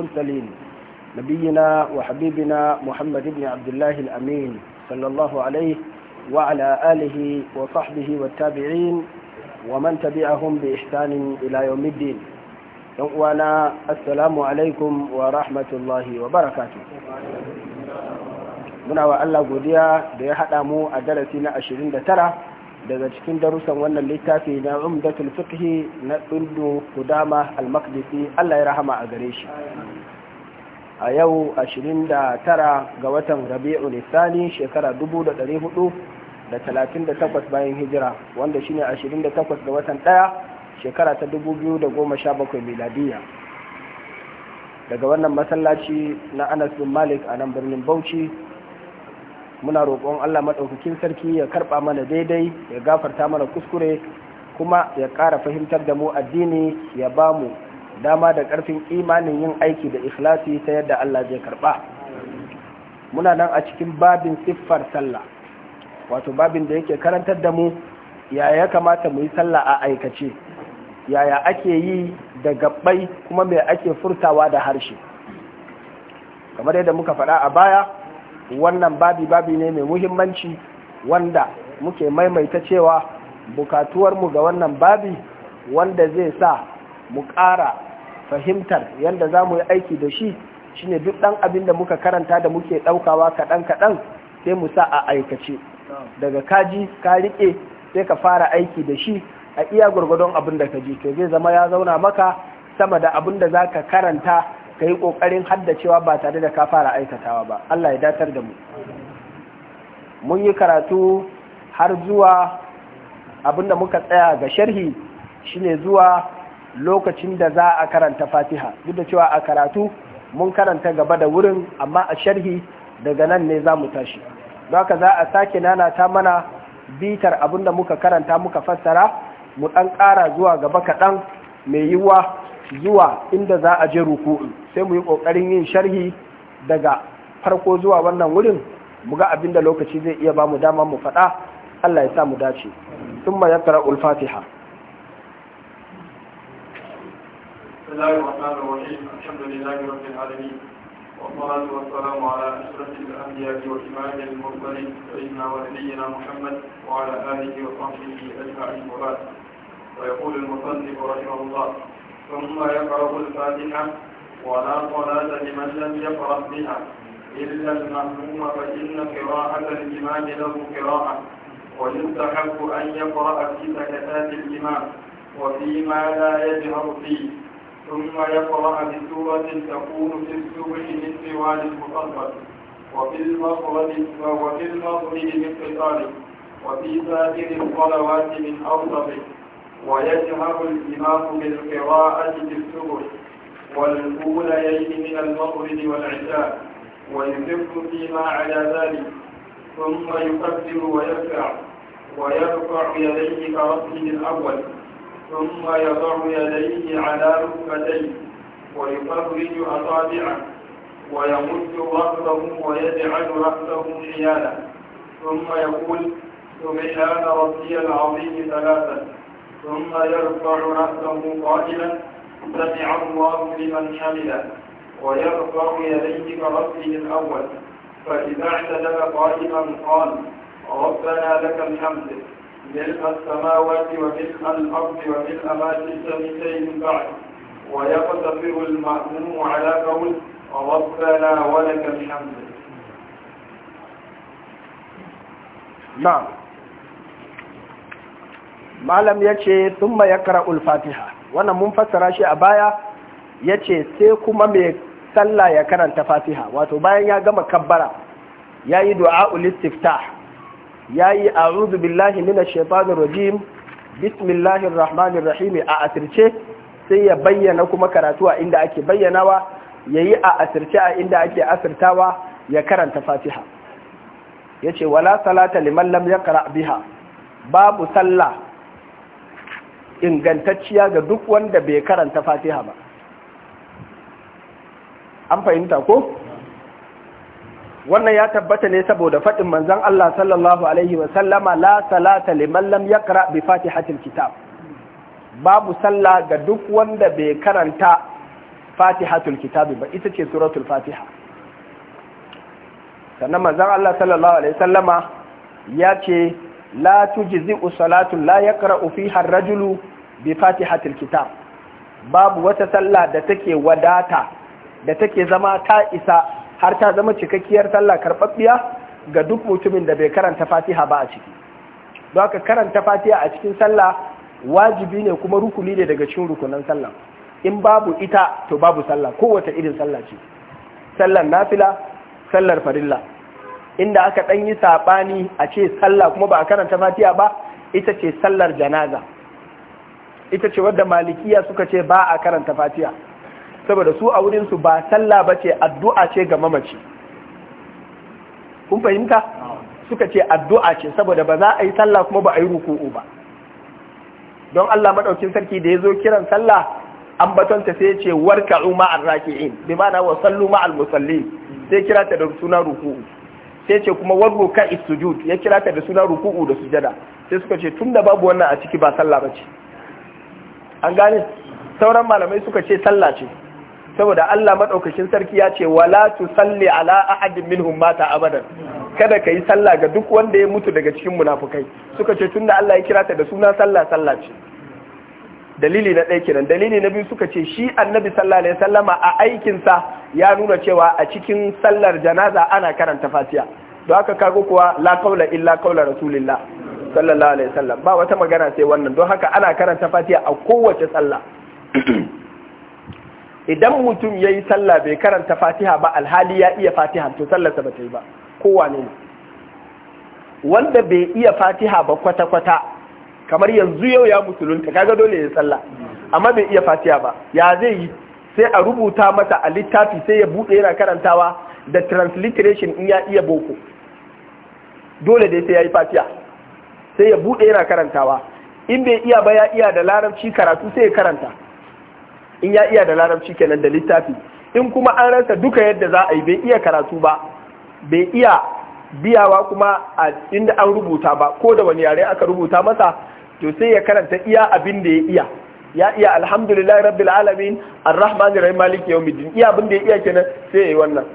المرسلين نبينا وحبيبنا محمد بن عبد الله الأمين صلى الله عليه وعلى آله وصحبه والتابعين ومن تبعهم بإحسان إلى يوم الدين وانا السلام عليكم ورحمة الله وبركاته muna wa Allah godiya da ya haɗa mu a darasi na 29 daga cikin darussan wannan littafi na umdatul fiqhi na bindu kudama al-maqdisi Allah ya rahama a gare shi a yau 29 ga watan rabi'ul thani shekara 1438 bayan hijira wanda shine 28 ga watan 1 shekara ta 2017 miladiya daga wannan masallaci na Anas bin Malik a nan birnin Bauchi muna roƙon Allah maɗaukakin sarki ya karɓa mana daidai ya gafarta mana kuskure kuma ya ƙara fahimtar da mu addini ya ba mu dama da ƙarfin imanin yin aiki da ikhlasi ta yadda Allah zai karɓa muna nan a cikin babin siffar sallah wato babin da yake karantar da mu yaya ya kamata mu yi sallah a aikace yaya ake yi da gabbai kuma me ake furtawa da harshe kamar yadda muka faɗa a baya wannan babi babi ne mai muhimmanci wanda muke maimaita cewa mu ga wannan babi wanda zai sa mu ƙara fahimtar yadda za mu yi aiki da shi shine duk ɗan abin da muka karanta da muke ɗaukawa kaɗan-kaɗan sai mu sa a aikace daga kaji ka riƙe sai ka fara aiki da shi a iya gwargwadon abin da ka ji to zai zama ya zauna maka sama da abin da za ka karanta ka yi ƙoƙarin haddacewa ba tare da ka fara aikatawa ba Allah ya datar da mu mun yi karatu har zuwa abinda muka tsaya ga sharhi shine zuwa lokacin da za a karanta fatiha duk da cewa a karatu mun karanta gaba da wurin amma a sharhi daga nan ne za mu tashi don haka za a sake nana ta mana bitar abinda muka karanta muka fassara mu ɗan ƙara zuwa gaba kaɗan mai yiwuwa zuwa inda za a je ruku'u sai mu yi ƙoƙarin yin sharhi daga farko zuwa wannan wurin mu ga abinda lokaci zai iya ba mu dama mu faɗa Allah ya sa mu dace sun ma yakara ulfatiha والصلاة والسلام على أشرف الأنبياء المرسلين سيدنا ونبينا محمد وعلى آله وصحبه أجمعين وبعد ويقول المصنف رحمه الله ثم يقرأ الفاتحة ولا صلاة لمن لم يقرأ بها إلا المهموم فإن قراءة الإمام له قراءة ويستحق أن يقرأ في سكتات الإمام وفيما لا يجهر فيه ثم يقرأ بسورة تكون في السبع من طوال المصدر وفي المغرب وفي المغرب من قتاله وفي سائر الصلوات من أوسطه ويجهر الإمام بالقراءة بالسبل والأوليين من المغرب والعشاء ويخف فيما على ذلك ثم يكبر ويرفع ويرفع يديه كرسمه الأول ثم يضع يديه على ركبتيه ويفرج أصابعه ويمد رأسه ويجعل رأسه حيالا ثم يقول سبحان ربي العظيم ثلاثا ثم يرفع رأسه قائلا سمع الله لمن حمده ويرفع يديه كرأسه الأول فإذا اعتدل قائما قال ربنا لك الحمد ملء السماوات وملء الأرض وملء ما جئت بشيء بعد ويقتصر المأموم على قول ربنا ولك الحمد نعم malam ya ce thumma ya kara fatiha wannan mun fassara shi a baya ya ce sai kuma mai sallah ya karanta fatiha wato bayan ya gama kabbara ya yi du'a'ul ulistifta, ya yi a billahi minash shaitanir rajim bismillahir rahmanir rahim a asirce sai ya bayyana kuma karatu a inda ake bayyanawa yayi a asirce a inda ake asirtawa ya karanta fatiha yace wala salata liman lam yaqra biha babu sallah ingantacciya ga duk wanda bai karanta fatiha ba an fahimta ko wannan ya tabbata ne saboda faɗin manzon Allah sallallahu alaihi wa sallama la salata liman lam bi fatihatil kitab babu salla ga duk wanda bai karanta fatihatul kitab ba ita ce suratul fatiha sannan manzan Allah sallallahu alaihi wa sallama ya ce la tujzi'u salatu la yaqra'u fiha ar-rajulu bi fatihatul kitab babu wata sallah da take wadata da take zama ta isa har ta zama cikakkiyar sallah karɓaɓɓiya ga duk mutumin da bai karanta fatiha ba a ciki don haka karanta fatiha a cikin sallah wajibi ne kuma rukuni ne daga cikin rukunan sallah in babu ita to babu sallah kowace irin sallah ce sallar nafila sallar farilla inda aka ɗan yi saɓani a ce sallah kuma ba a karanta fatiha ba ita ce sallar janaza ita ce wadda malikiya suka ce ba a karanta Fatiya, saboda su a wurinsu ba sallah ba ce addu'a ce ga mamaci kun fahimta suka ce addu'a ce saboda ba za a yi sallah kuma ba a yi ruku'u ba don Allah maɗaukin sarki da ya zo kiran sallah an batonta sai ce warka'u Umar raki'in bi na wa sallu ma'al musallin sai kira ta da suna ruku'u sai ce kuma warru ka sujud ya kira ta da suna ruku'u da sujada sai suka ce tunda babu wannan a ciki ba sallah ba an gane sauran malamai suka ce sallah ce saboda Allah madaukakin sarki ya ce wala tusalli ala ahadin minhum mata abadan kada ka yi sallah ga duk wanda ya mutu daga cikin munafukai suka ce tunda Allah ya kira ta da suna sallah sallah ce dalili na ɗaya kenan dalili na biyu suka ce shi annabi sallallahu alaihi wasallama a aikinsa ya nuna cewa a cikin sallar janaza ana karanta fatiha don haka kago kuwa la kaula illa kaula rasulillah sallallahu alaihi wasallam ba wata magana sai wannan don haka ana karanta fatiha a kowace sallah idan mutum ya yi sallah bai karanta fatiha ba alhali ya iya fatiha to sallarsa ba ta yi ba kowane ne wanda bai iya fatiha ba kwata-kwata kamar yanzu yau ya musulunta kaga dole ya sallah amma bai iya fatiha ba ya zai yi sai a rubuta mata a littafi sai ya buɗe yana karantawa da transliteration in ya iya boko dole dai sai ya yi fatiha sai ya bude yana karantawa in bai iya ba ya iya da larabci karatu sai ya karanta in ya iya da larabci kenan da littafi in kuma an rasa duka yadda za a yi bai iya karatu ba bai iya biyawa kuma a inda an rubuta ba ko da wani yare aka rubuta masa to sai ya karanta iya abin da ya iya ya iya alhamdulillah rabbil alamin arrahmanir rahim maliki yawmiddin iya abin da ya iya kenan sai ya yi wannan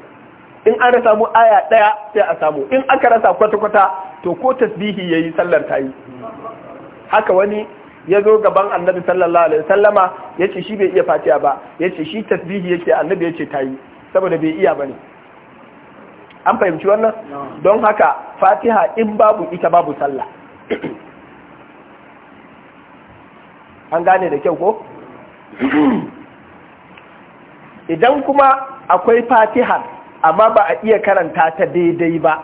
in an rasa mu aya ɗaya sai a samu in aka rasa kwata-kwata to ko tasbihi yayi yi sallar ta haka wani ya zo gaban annabi sallallahu alaihi sallama ya ce shi bai iya fatiya ba ya ce shi tasbihi yake annabi ya ce ta saboda bai iya ba ne an fahimci wannan don haka fatiha in babu ita babu sallah an gane da kyau ko idan kuma akwai fatihar amma ba a iya karanta ta daidai ba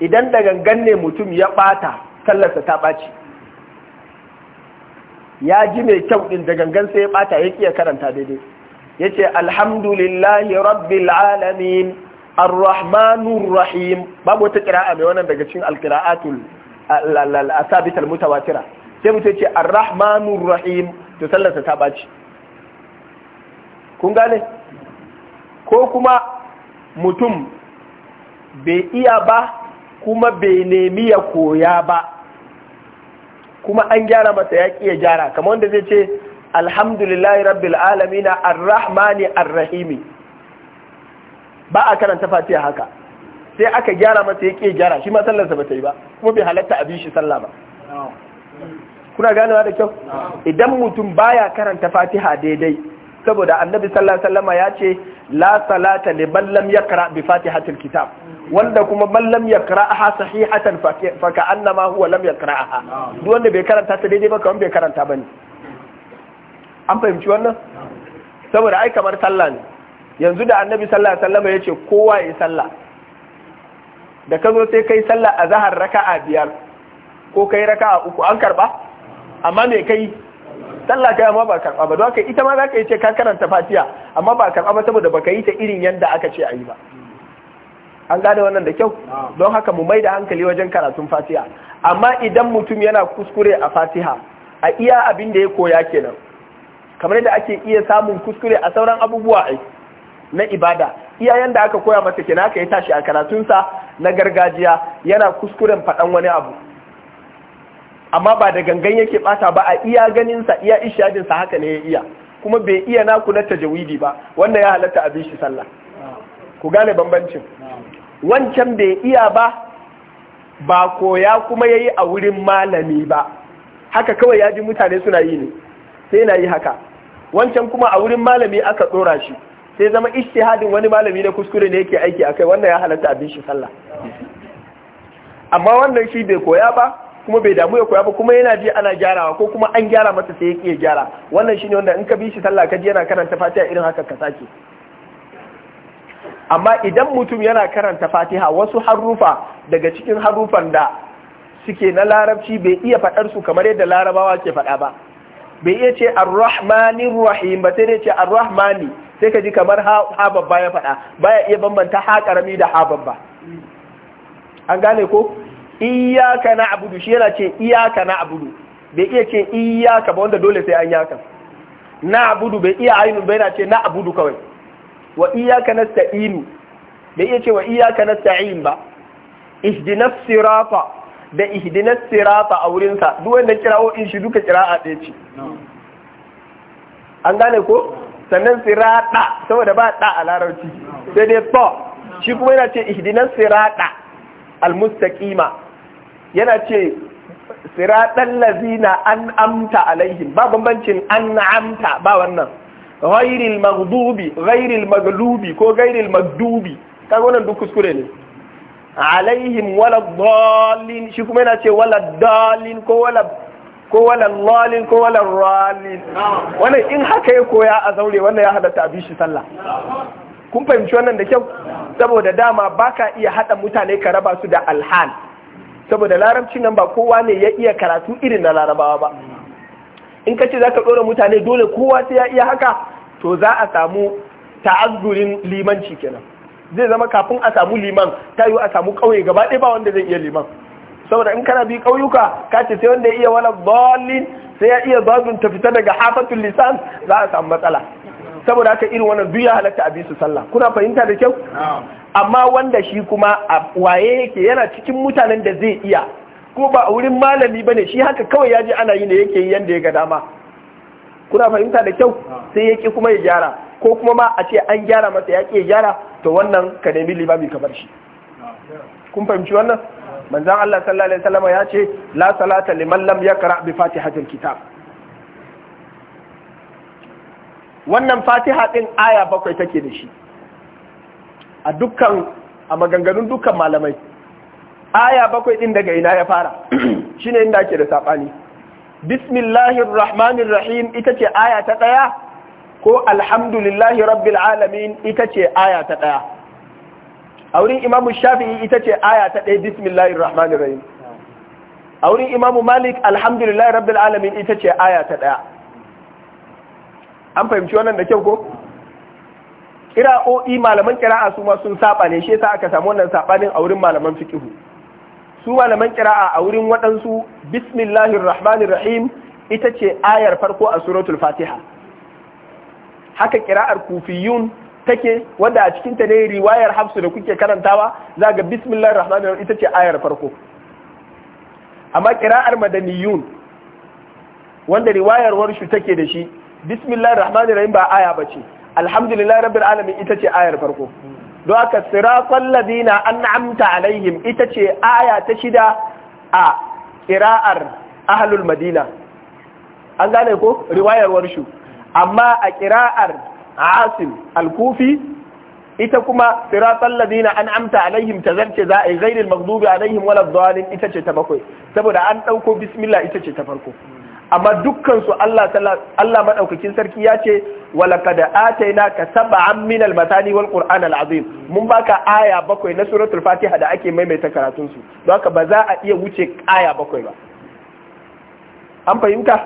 idan da gangan ne mutum ya ɓata sallarsa ta ɓaci ya ji mai kyau ɗin da gangan sai ya ɓata ya iya karanta daidai ya ce alhamdulillahi rabbil alamin arrahmanur rahim babu wata ƙira'a mai wannan daga cikin alƙira'atul asabital mutawatira sai mutum ce arrahmanur rahim to sallarsa ta ɓaci kun gane ko kuma mutum bai iya ba kuma bai nemi ya koya ba kuma an gyara masa ya iya gyara kamar wanda zai ce alhamdulillahi rabbil alamina arrahmani arrahimi ba a karanta fatiha haka sai aka gyara masa ya iya gyara shi ma sallarsa ba ta yi ba kuma bai halatta abin shi sallah ba kuna ganewa da kyau idan mutum baya karanta fatiha daidai saboda annabi sallallahu alaihi wasallam ya ce la salata man lam yaqra bi fatihatil kitab wanda kuma man lam yaqra'aha sahihatan fa annama huwa lam yaqra'aha duk wanda bai karanta ta daidai ba kamar bai karanta bane an fahimci wannan saboda ai kamar sallah ne yanzu da annabi sallallahu alaihi wasallam yace kowa ya sallah da kazo sai kai sallah a zahar raka'a biyar ko kai raka'a uku an karba amma me kai sallah kai yamma ba karɓa ba don haka ita ma za ka yi ce ka karanta fatiha amma ba karɓa ba saboda baka yi ta irin yadda aka ce a yi ba an gane wannan da kyau don haka mu mai da hankali wajen karatun fatiha amma idan mutum yana kuskure a fatiha a iya abin da ya koya kenan kamar yadda ake iya samun kuskure a sauran abubuwa ai na ibada iyayen da aka koya masa kenan ka yi tashi a karatunsa na gargajiya yana kuskuren faɗan wani abu amma ba da gangan yake bata ba a iya ganinsa iya ishadinsa haka ne ya iya kuma bai iya naku na tajawidi ba wanda ya halatta abin shi sallah ku gane bambancin wancan bai iya ba ba koya kuma yayi a wurin malami ba haka kawai ya ji mutane suna yi ne sai na yi haka wancan kuma a wurin malami aka dora shi sai zama hadin wani malami na kuskure ne yake aiki akai Wannan ya halatta abin shi sallah amma wannan shi bai koya ba kuma bai damu ya koya ba kuma yana ji ana gyarawa ko kuma an gyara masa sai yake gyara wannan shine wanda in ka bi shi sallah ka ji yana karanta fatiha irin haka ka sake amma idan mutum yana karanta fatiha wasu harufa daga cikin harufan da suke na larabci bai iya faɗar su kamar yadda larabawa ke faɗa ba bai iya ce ar-rahmanir rahim ba sai ne ce ar-rahmani sai ka ji kamar ha babba ya faɗa baya iya bambanta ha karami da ha babba an gane ko iyaka na abudu shi yana ce iyaka na abudu bai iya ce iyaka ba wanda dole sai an yaka na abudu bai iya ainihin bai na ce na abudu kawai wa iyaka na sta'inu bai iya ce wa iyaka na sta'in ba ihdinas sirafa da ihdinas sirafa a wurinsa duk wanda kira'o in shi duka kira'a ɗaya ce an gane ko sannan sirata saboda ba ɗa a larabci sai dai to shi kuma yana ce ihdinas sirata al-mustaqima yana ce siraɗan lazina an amta alaihim ba bambancin an amta ba wannan ghairil maghdubi ghairil maglubi ko ghairil magdubi kaga wannan duk kuskure ne alaihim wala dalin shi kuma yana ce wala dalin ko wala ko wala lalin ko wala ralin wannan in haka ya koya a zaure wannan ya halarta tabi shi sallah kun fahimci wannan da kyau saboda dama baka iya hada mutane ka raba su da alhal saboda larabcin nan ba kowa ne ya iya karatu irin na larabawa ba in ka ce za ka ɗora mutane dole kowa sai ya iya haka to za a samu ta'azzurin limanci kenan zai zama kafin a samu liman ta yi a samu ƙauye gaba ɗaya ba wanda zai iya liman saboda in kana bi ƙauyuka ka ce sai wanda ya iya wani bolin sai ya iya zazun ta fita daga hafatul lisan za a samu matsala saboda haka irin wannan duk ya halatta a bisu sallah kuna fahimta da kyau amma wanda shi kuma waye yake yana cikin mutanen da zai iya ko ba a wurin malami bane shi haka kawai ya je ana yi ne yake yi yanda ya ga dama kuna fahimta da kyau sai yake kuma ya gyara ko kuma ma a ce an gyara masa ya ke gyara to wannan ka nemi limami ka bar shi kun fahimci wannan manzon Allah sallallahu alaihi wasallam ya ce la salata liman lam yaqra bi fatihatil kitab wannan fatiha ɗin aya bakwai take da shi a dukkan a maganganun dukkan malamai aya bakwai ɗin daga ina ya fara shine inda ake da saɓani bismillahir rahmanir rahim ita ce aya ta ɗaya ko alhamdulillahi rabbil alamin ita ce aya ta ɗaya a wurin imamu shafi'i ita ce aya ta ɗaya bismillahir rahmanir rahim a wurin imamu malik alhamdulillahi rabbil alamin ita ce aya ta ɗaya an fahimci wannan da kyau ko ƙira'o'i malaman kira'a su ma sun saba ne shi yasa aka samu wannan sabanin a wurin malaman fiqhu su malaman kira'a a wurin waɗansu bismillahir rahmanir rahim ita ce ayar farko a suratul fatiha haka kira'ar kufiyun take wanda a cikin ta ne riwayar hafsu da kuke karantawa za ga bismillahir rahmanir rahim ita ce ayar farko amma ƙira'ar madaniyun wanda riwayar warshu take da shi bismillahir rahmanir rahim ba aya bace alhamdulillahi rabbil alamin ita ce ayar farko don haka siratal ladina an'amta alaihim ita ce aya ta shida a qira'ar ahlul madina an gane ko riwayar warshu amma a qira'ar asim al-kufi ita kuma siratal ladina an'amta alaihim tazarce za a yi ghairil maghdubi alaihim waladdallin ita ce ta bakwai saboda an dauko bismillah ita ce ta farko amma dukkansu Allah Allah madaukakin sarki ya ce da ataina ka sab'an min al-matani wal qur'an al mun baka aya bakwai na suratul fatiha da ake maimaita karatun su don haka ba za a iya wuce aya bakwai ba an fahimta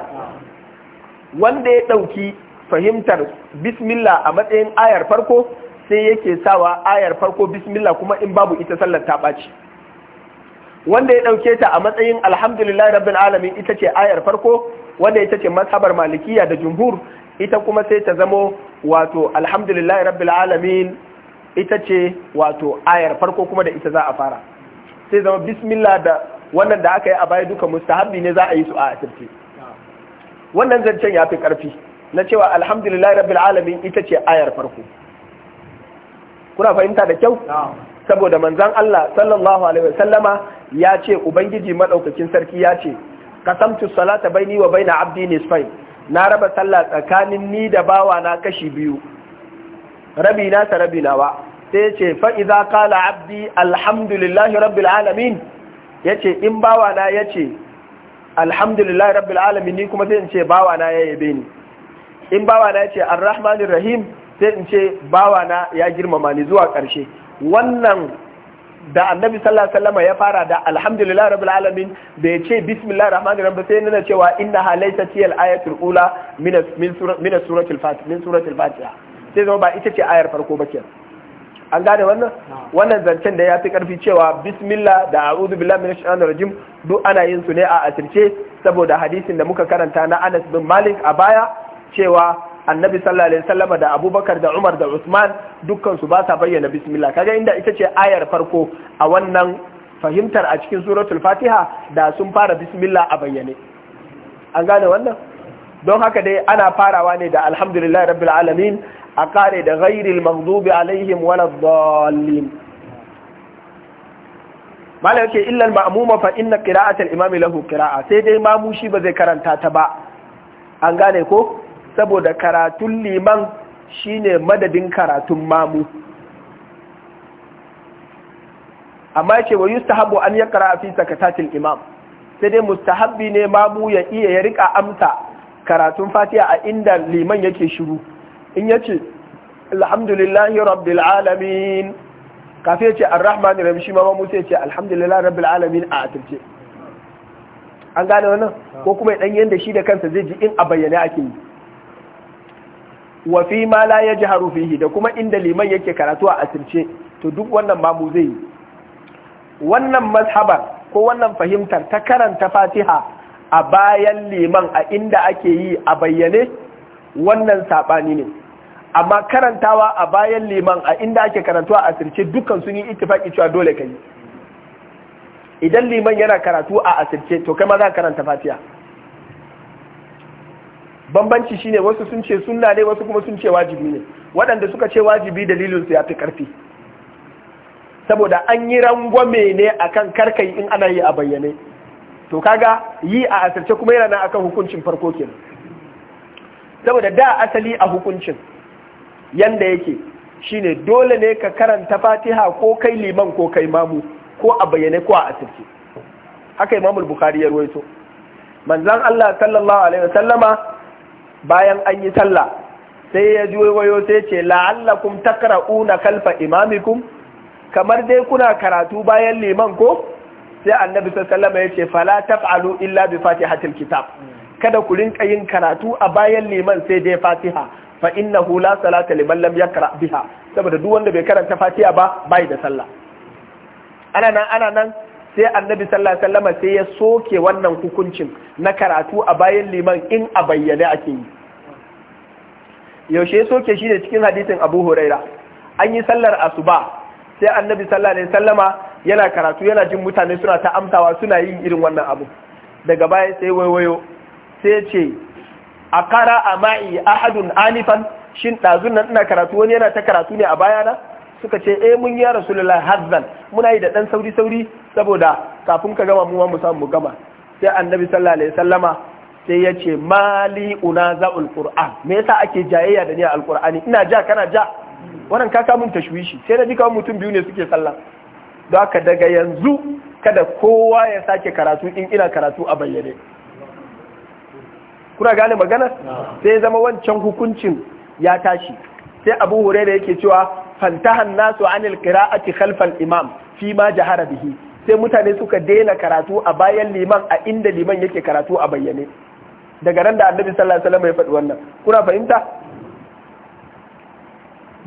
wanda ya ɗauki fahimtar bismillah a matsayin ayar farko sai yake sawa ayar farko bismillah kuma in babu ita sallar ta ɓaci wanda ya ɗauke ta a matsayin alhamdulillah rabbin alamin ita ce ayar farko wanda ita ce mazhabar malikiya da jumhur ita kuma sai ta zamo wato alhamdulillah rabbil alamin ita ce wato ayar farko kuma da ita za a fara sai zama bismillah da wannan da aka yi a baya duka mustahabbi ne za a yi su a asirce wannan zancen ya fi karfi na cewa alhamdulillah rabbil alamin ita ce ayar farko kuna fahimta da kyau saboda manzan Allah sallallahu alaihi wasallama ya ce ubangiji maɗaukakin sarki ya ce Kasamtu salata ni wa baina abdi nisfain na raba sallah tsakanin ni da bawa na kashi biyu rabi na ta rabi nawa sai ce fa'iza kala abdi alhamdulillahi rabbil alamin Ya ce in bawa na ce alhamdulillahi rabbil alamin ni kuma sai in ce bawa na ya yabe ni in bawa na ce arrahmanir rahim sai in ce bawa na ya girmama ni zuwa ƙarshe wannan da annabi sallallahu alaihi wasallam ya fara da alhamdulillah rabbil alamin bai ce bismillahir rahmanir rahim ba sai nuna cewa inna halaysa tiyal ayatul ula min min min fatiha min suratul fatiha sai zama ba ita ce ayar farko ba kenan an gane wannan wannan zancen da ya fi karfi cewa bismillah da a'udhu billahi minash shaitanir rajim duk ana yin su ne a asirce saboda hadisin da muka karanta na Anas bin Malik a baya cewa annabi sallallahu alaihi wasallam da abubakar da umar da usman dukkan su ba sa bayyana bismillah kaga inda ita ce ayar farko a wannan fahimtar a cikin suratul fatiha da sun fara bismillah a bayyane an gane wannan don haka dai ana farawa ne da alhamdulillah rabbil alamin a kare da ghairil maghdubi alaihim wala dhallin malai yake illa al ma'muma fa inna qira'atal imami lahu qira'a sai dai mamushi ba zai karanta ta ba an gane ko saboda karatun liman shine madadin karatun mamu amma yace wa yustahabu an yaqra fi sakatatil imam sai dai mustahabbi ne mamu ya iya ya rika amsa karatun fatiha a inda liman yake shiru in yace alhamdulillahi rabbil alamin kafin ya ce arrahman rahim shi ma mamu sai ya ce alhamdulillah rabbil alamin a atirce an gane wannan ko kuma ya dan yanda shi da kansa zai ji in a bayyane ake yi wa fi ma la jiharu fihi da kuma inda liman yake karatu a asirce to duk wannan babu zai yi wannan mazhabar ko wannan fahimtar ta karanta Fatiha a bayan liman a inda ake yi a bayyane wannan saɓani ne amma karantawa a bayan liman a inda ake karatu a asirce dukkan sun yi ittifaki cewa dole ka yi idan liman yana karatu a asirce to kai ma za ka karanta Fatiha bambanci shine wasu sun ce sunna ne wasu kuma sun ce wajibi ne waɗanda suka ce wajibi dalilin su ya fi ƙarfi saboda an yi rangwame ne akan karkai in ana yi a bayyane to kaga yi a asirce kuma yana nan akan hukuncin farko kenan saboda da asali a hukuncin yanda yake shine dole ne ka karanta fatiha ko kai liman ko kai mamu ko a bayyane ko a asirce haka imamul bukhari ya ruwaito manzon Allah sallallahu alaihi wasallama bayan an yi sallah sai ya ji waiwayo sai ce la'allakum na kalfa imamikum kamar dai kuna karatu bayan liman ko sai annabi sallallahu ya ce fala taf'alu illa bi fatihatil kitab kada ku rinka yin karatu a bayan liman sai dai fatiha fa innahu la salata liman lam yakra biha saboda duk wanda bai karanta fatiha ba bai da sallah ana ana nan sai annabi sallallahu alaihi wasallam sai ya soke wannan hukuncin na karatu a bayan liman in a bayyane ake yi yaushe ya soke shi ne cikin hadisin Abu Huraira an yi sallar asuba sai annabi sallallahu alaihi wasallam yana karatu yana jin mutane suna ta amtawa suna yin irin wannan abu daga baya sai waiwayo sai ce a kara a ma'i ahadun anifan shin ɗazun nan ina karatu wani yana ta karatu ne a bayana suka ce e mun yi rasulullahi hazzan muna yi da ɗan sauri sauri saboda kafin ka gama mu mu gama sai annabi sallallahu alaihi wasallama sai ya ce mali za qur'an me yasa ake jayayya da ni a alqur'ani ina ja kana ja wannan ka mun tashwishi sai na ji kawai mutum biyu ne suke sallah don haka daga yanzu kada kowa ya sake karatu in ina karatu a bayyane kuna gane magana sai zama wancan hukuncin ya tashi sai abu hure da yake cewa fantahan nasu anil qira'ati khalfal imam fi ma jahara bihi sai mutane suka daina karatu a bayan liman a inda liman yake karatu a bayyane daga ran da annabi sallallahu alaihi wasallam ya faɗi wannan kuna fahimta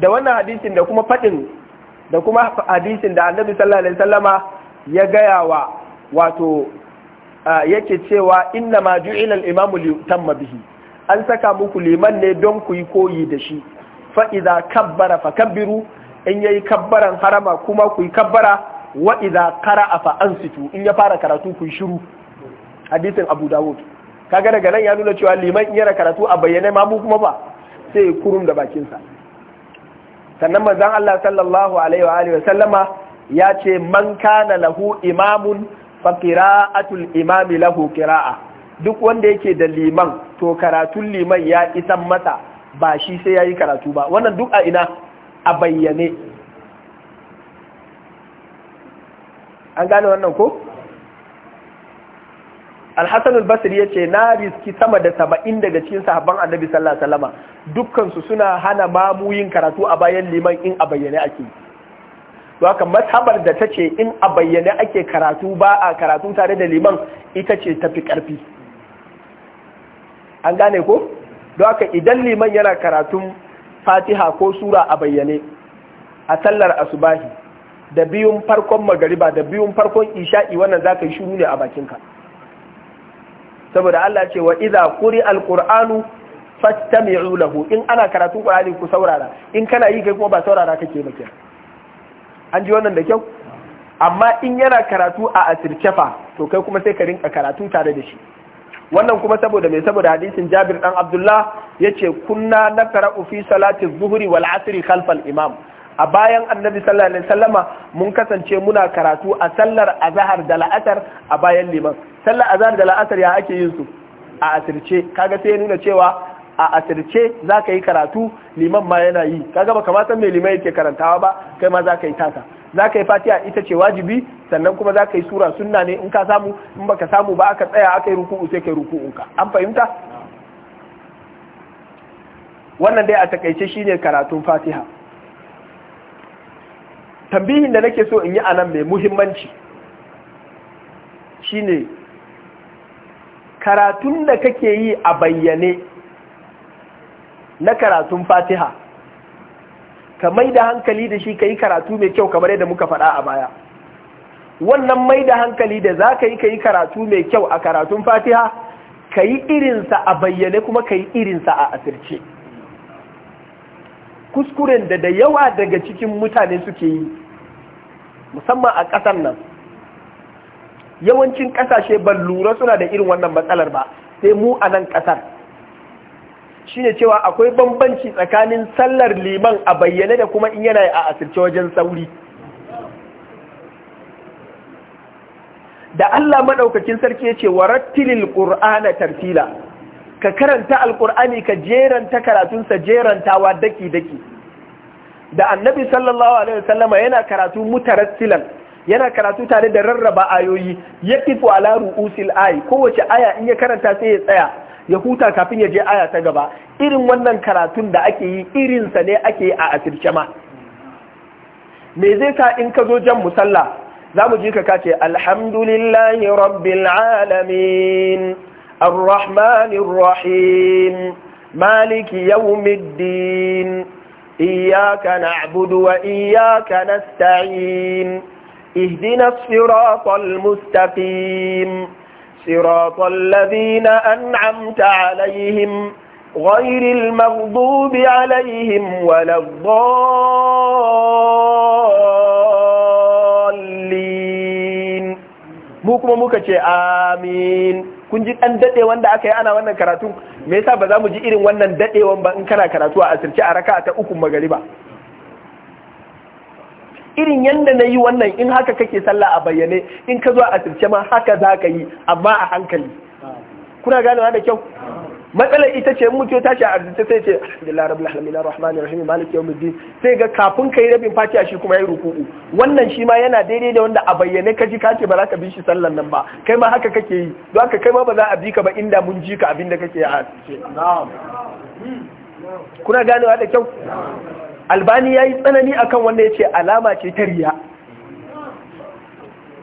da wannan hadisin da kuma faɗin da kuma hadisin da annabi sallallahu alaihi wasallama ya gaya wa wato yake cewa inna ma ju'ilal imamu li bihi an saka muku liman ne don ku yi koyi da shi Fa'iza kabbara fa kabbiru in yayi kabbaran harama kuma ku yi kabbara wa'iza kara a fa’an in ya fara karatu ku shiru hadisin Abu Dawud kaga daga nan ya nuna cewa liman in yana karatu a bayyane ma mu kuma ba sai kurum da bakinsa. sannan manzon Allah sallallahu alaihi wa sallama ya ce man kana lahu imamun fa qira'atul imami lahu qira'a duk wanda yake da liman to karatun liman ya isan mata. ba shi sai ya yi karatu ba wannan duk a ina a bayyane an gane wannan ko alhassan al-basri ya ce na riski sama da saba'in daga cikin sahabban annabi sallallahu alaihi dukkansu suna hana mamu yin karatu a bayan liman in a bayyane ake to haka mazhabar da ta ce in a bayyane ake karatu ba a karatu tare da liman ita ce tafi karfi an gane ko don haka idan liman yana karatun fatiha ko sura a bayyane a sallar asubahi da biyun farkon magariba da biyun farkon isha'i wannan za ka yi shuru ne a bakinka saboda Allah ce wa iza kuri alqur'anu fastami'u lahu in ana karatun qur'ani ku saurara in kana yi kai kuma ba saurara kake ba an ji wannan da kyau amma in yana karatu a asirce to kai kuma sai ka rinka karatu tare da shi wannan kuma saboda mai saboda hadisin Jabir ɗan Abdullah yace kunna nakra'u fi salati zuhri wal asri khalfal imam a bayan annabi sallallahu alaihi wasallama mun kasance muna karatu a sallar azhar da la'asar a bayan liman sallar azhar da la'asar ya ake yin su a asirce kaga sai ya nuna cewa a asirce za ka yi karatu liman ma yana yi kaga ba kamata mai liman yake karantawa ba kai ma za ka yi tasa za ka yi fatiha ita ce wajibi sannan kuma za ka yi sura sunna ne in ka samu in baka samu ba aka tsaya aka yi ruku'u sai ka yi ruku'unka an fahimta wannan dai a takaice shine karatun fatiha tambihin da nake so in yi anan mai muhimmanci shine karatun da kake yi a bayyane na karatun fatiha ka mai da hankali da shi ka yi karatu mai kyau kamar yadda muka faɗa a baya wannan mai da hankali da za ka yi ka yi karatu mai kyau a karatun fatiha ka yi irinsa a bayyane kuma ka yi irinsa a asirce kuskuren da da yawa daga cikin mutane suke yi musamman a ƙasar nan yawancin ƙasashe ban lura suna da irin wannan matsalar ba sai mu a nan ƙasar shine cewa akwai bambanci tsakanin sallar liman a bayyane da kuma in yana a asirce wajen sauri da Allah maɗaukakin sarki ya ce wa rattilil ƙur'ana tartila ka karanta alƙur'ani ka jeranta karatunsa jerantawa daki-daki da annabi sallallahu alaihi wasallama yana karatu mutarattilan yana karatu tare da rarraba ayoyi ya kifo ala ru'usil ayi kowace aya in ya karanta sai ya tsaya ya huta kafin ya je aya ta gaba irin wannan karatun da ake yi irinsa ne ake a asirce ma me zai sa in ka zo jan musalla za mu ji ka kace alhamdulillahi rabbil alamin arrahmanir rahim maliki yawmiddin iyyaka na'budu wa iyyaka nasta'in ihdinas siratal mustaqim صراط الذين أنعمت عليهم غير المغضوب عليهم ولا الضالين mu kuma muka ce amin kun ji dan dade wanda aka yi ana wannan karatu me yasa ba za mu ji irin wannan dadewan ba in kana karatu a asirce a raka'a ta uku magariba irin yadda na yi wannan in haka kake sallah a bayyane in ka zo a asirce ma haka za ka yi amma a hankali kuna ganewa da kyau matsalar ita ce mutu ta shi a arziki sai ce alhamdulillah rabbil alamin arrahmanir rahim maliki yawmiddin sai ga kafin kai rabin a shi kuma yayi ruku'u wannan shi ma yana daidai da wanda a bayyane ka ji kace ba za ka bi shi sallan nan ba kai ma haka kake yi don haka kai ma ba za a bi ka ba inda mun ji ka abin da kake a arziki kuna ganewa da kyau albani ya yi tsanani akan wanda ya ce alama ce ta riya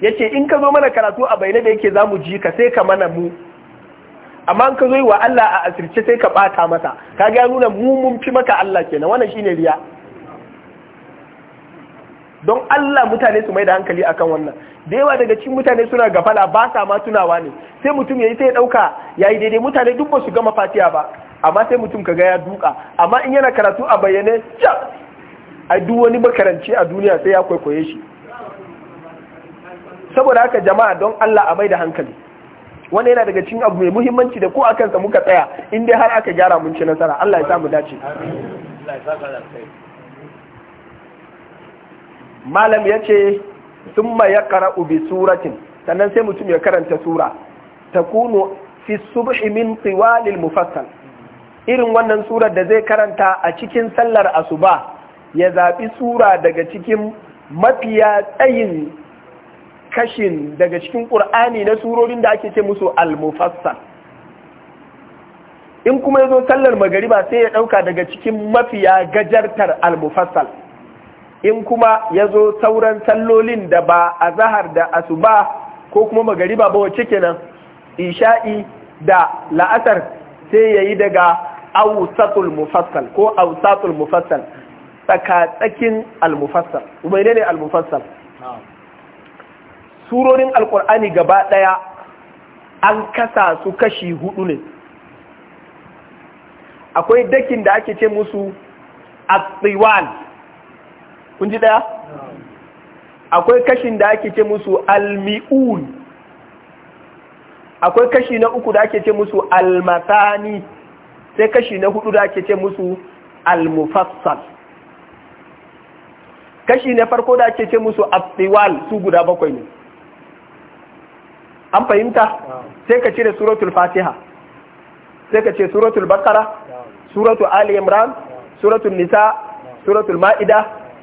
ya ce in ka zo mana karatu a bayyana da yake za mu ji ka sai ka mana mu amma in ka zo yi wa Allah a asirce sai ka bata masa ka ga nuna mu mun fi maka Allah kenan wannan shine riya don Allah mutane su mai da hankali akan wannan da yawa daga cikin mutane suna gafala ba sa ma tunawa ne sai mutum ya yi sai ya dauka yi daidai mutane duk ba su gama fatiya ba amma sai mutum kaga ya duka amma in yana karatu a bayyane ca ai duk wani makaranci a duniya sai ya kwaikwaye shi saboda haka jama'a don Allah a mai da hankali wani yana daga cikin abu mai muhimmanci da ko akan sa muka tsaya in dai har aka gyara mun ci nasara Allah ya sa mu dace malam ya ce summa ya kara ubi suratin sannan sai mutum ya karanta sura takunu fi subhi min mufassal irin wannan surar da zai karanta a cikin sallar asuba ya zaɓi sura daga cikin mafiya tsayin kashin daga cikin ƙur'ani na surorin da ake ce musu almufassal in kuma ya zo sallar magariba sai ya ɗauka daga cikin mafiya gajartar almufassal in kuma ya zo sauran sallolin da ba a zahar da asuba ko kuma magariba ba wace kenan isha'i da la'asar sai ya yi daga awsatul mufassal ko awsatul mufassal tsakatsakin al-mufassal umaine ne al-mufassal surorin alkur'ani gaba ɗaya an kasa su kashi hudu ne akwai dakin da ake ce musu atsiwal kun ji ɗaya akwai kashin da ake ce musu almi'un akwai kashi na uku da ake ce musu almasani sai kashi na hudu da ake ce musu al-mufassal kashi na farko da ake ce musu afiwal su guda bakwai ne an fahimta sai ka cire suratul fatiha sai ka ce suratul bakara suratul ali imran suratul nisa suratul ma'ida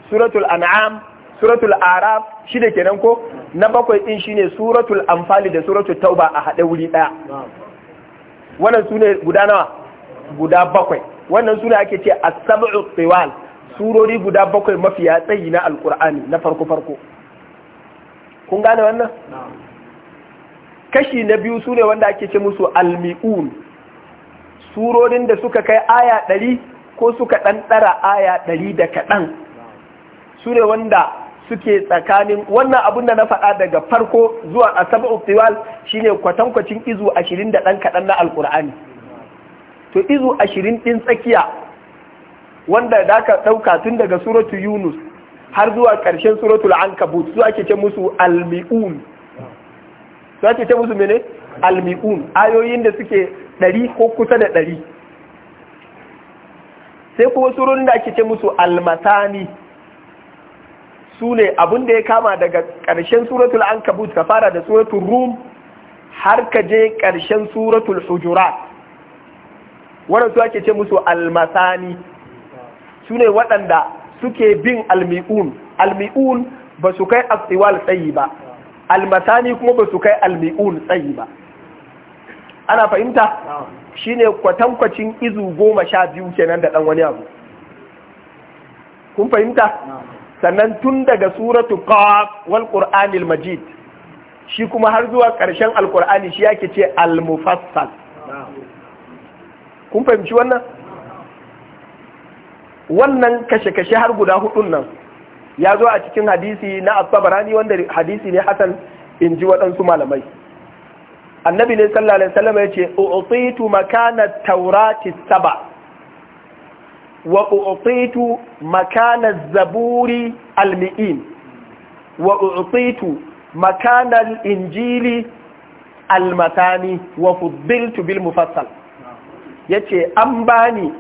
suratul an'am suratul araf shida kenan ko na bakwai din shine suratul anfali da suratul tauba a haɗe wuri ɗaya. wannan su ne guda nawa guda bakwai wannan suna ake ce a sabu tiwal surori guda bakwai mafiya tsayi na alkur'ani na farko farko kun gane wannan kashi na biyu sune wanda ake ce musu almi'un surorin da suka kai aya ɗari ko suka ɗan tsara aya ɗari da kaɗan sune wanda suke tsakanin wannan abin da na faɗa daga farko zuwa a asabu tiwal shine kwatankwacin izu ashirin da ɗan kaɗan na alkur'ani to izu ashirin ɗin tsakiya wanda da aka ɗauka tun daga suratu yunus har zuwa ƙarshen suratul ankabut su ake ce musu almi'un su ake ce musu mene almi'un ayoyin da suke ɗari ko kusa da ɗari sai kuma surun da ake ce musu almasani su ne abin da ya kama daga ƙarshen suratul ankabut ka fara da suratul rum har ka je ƙarshen suratul hujurat waɗansu ake ce musu almasani su ne waɗanda suke bin almi'un almi'un ba su kai astiwal tsayi ba almasani kuma ba su kai almi'un tsayi ba ana fahimta shine kwatankwacin izu goma sha biyu kenan da ɗan wani abu kun fahimta sannan tun daga suratu qaf wal qur'anil majid shi kuma har zuwa ƙarshen alqur'ani shi yake ce al kun fahimci wannan wannan kashe-kashe har guda hudun nan ya zo a cikin hadisi na asabarani wanda hadisi ne hasan in ji waɗansu malamai annabi ne sallallahu alaihi wasallam ya ce u'titu makana taurati saba wa u'titu makana zaburi almi'in wa u'titu makana injili almatani wa fuddiltu bil mufassal ya ce an bani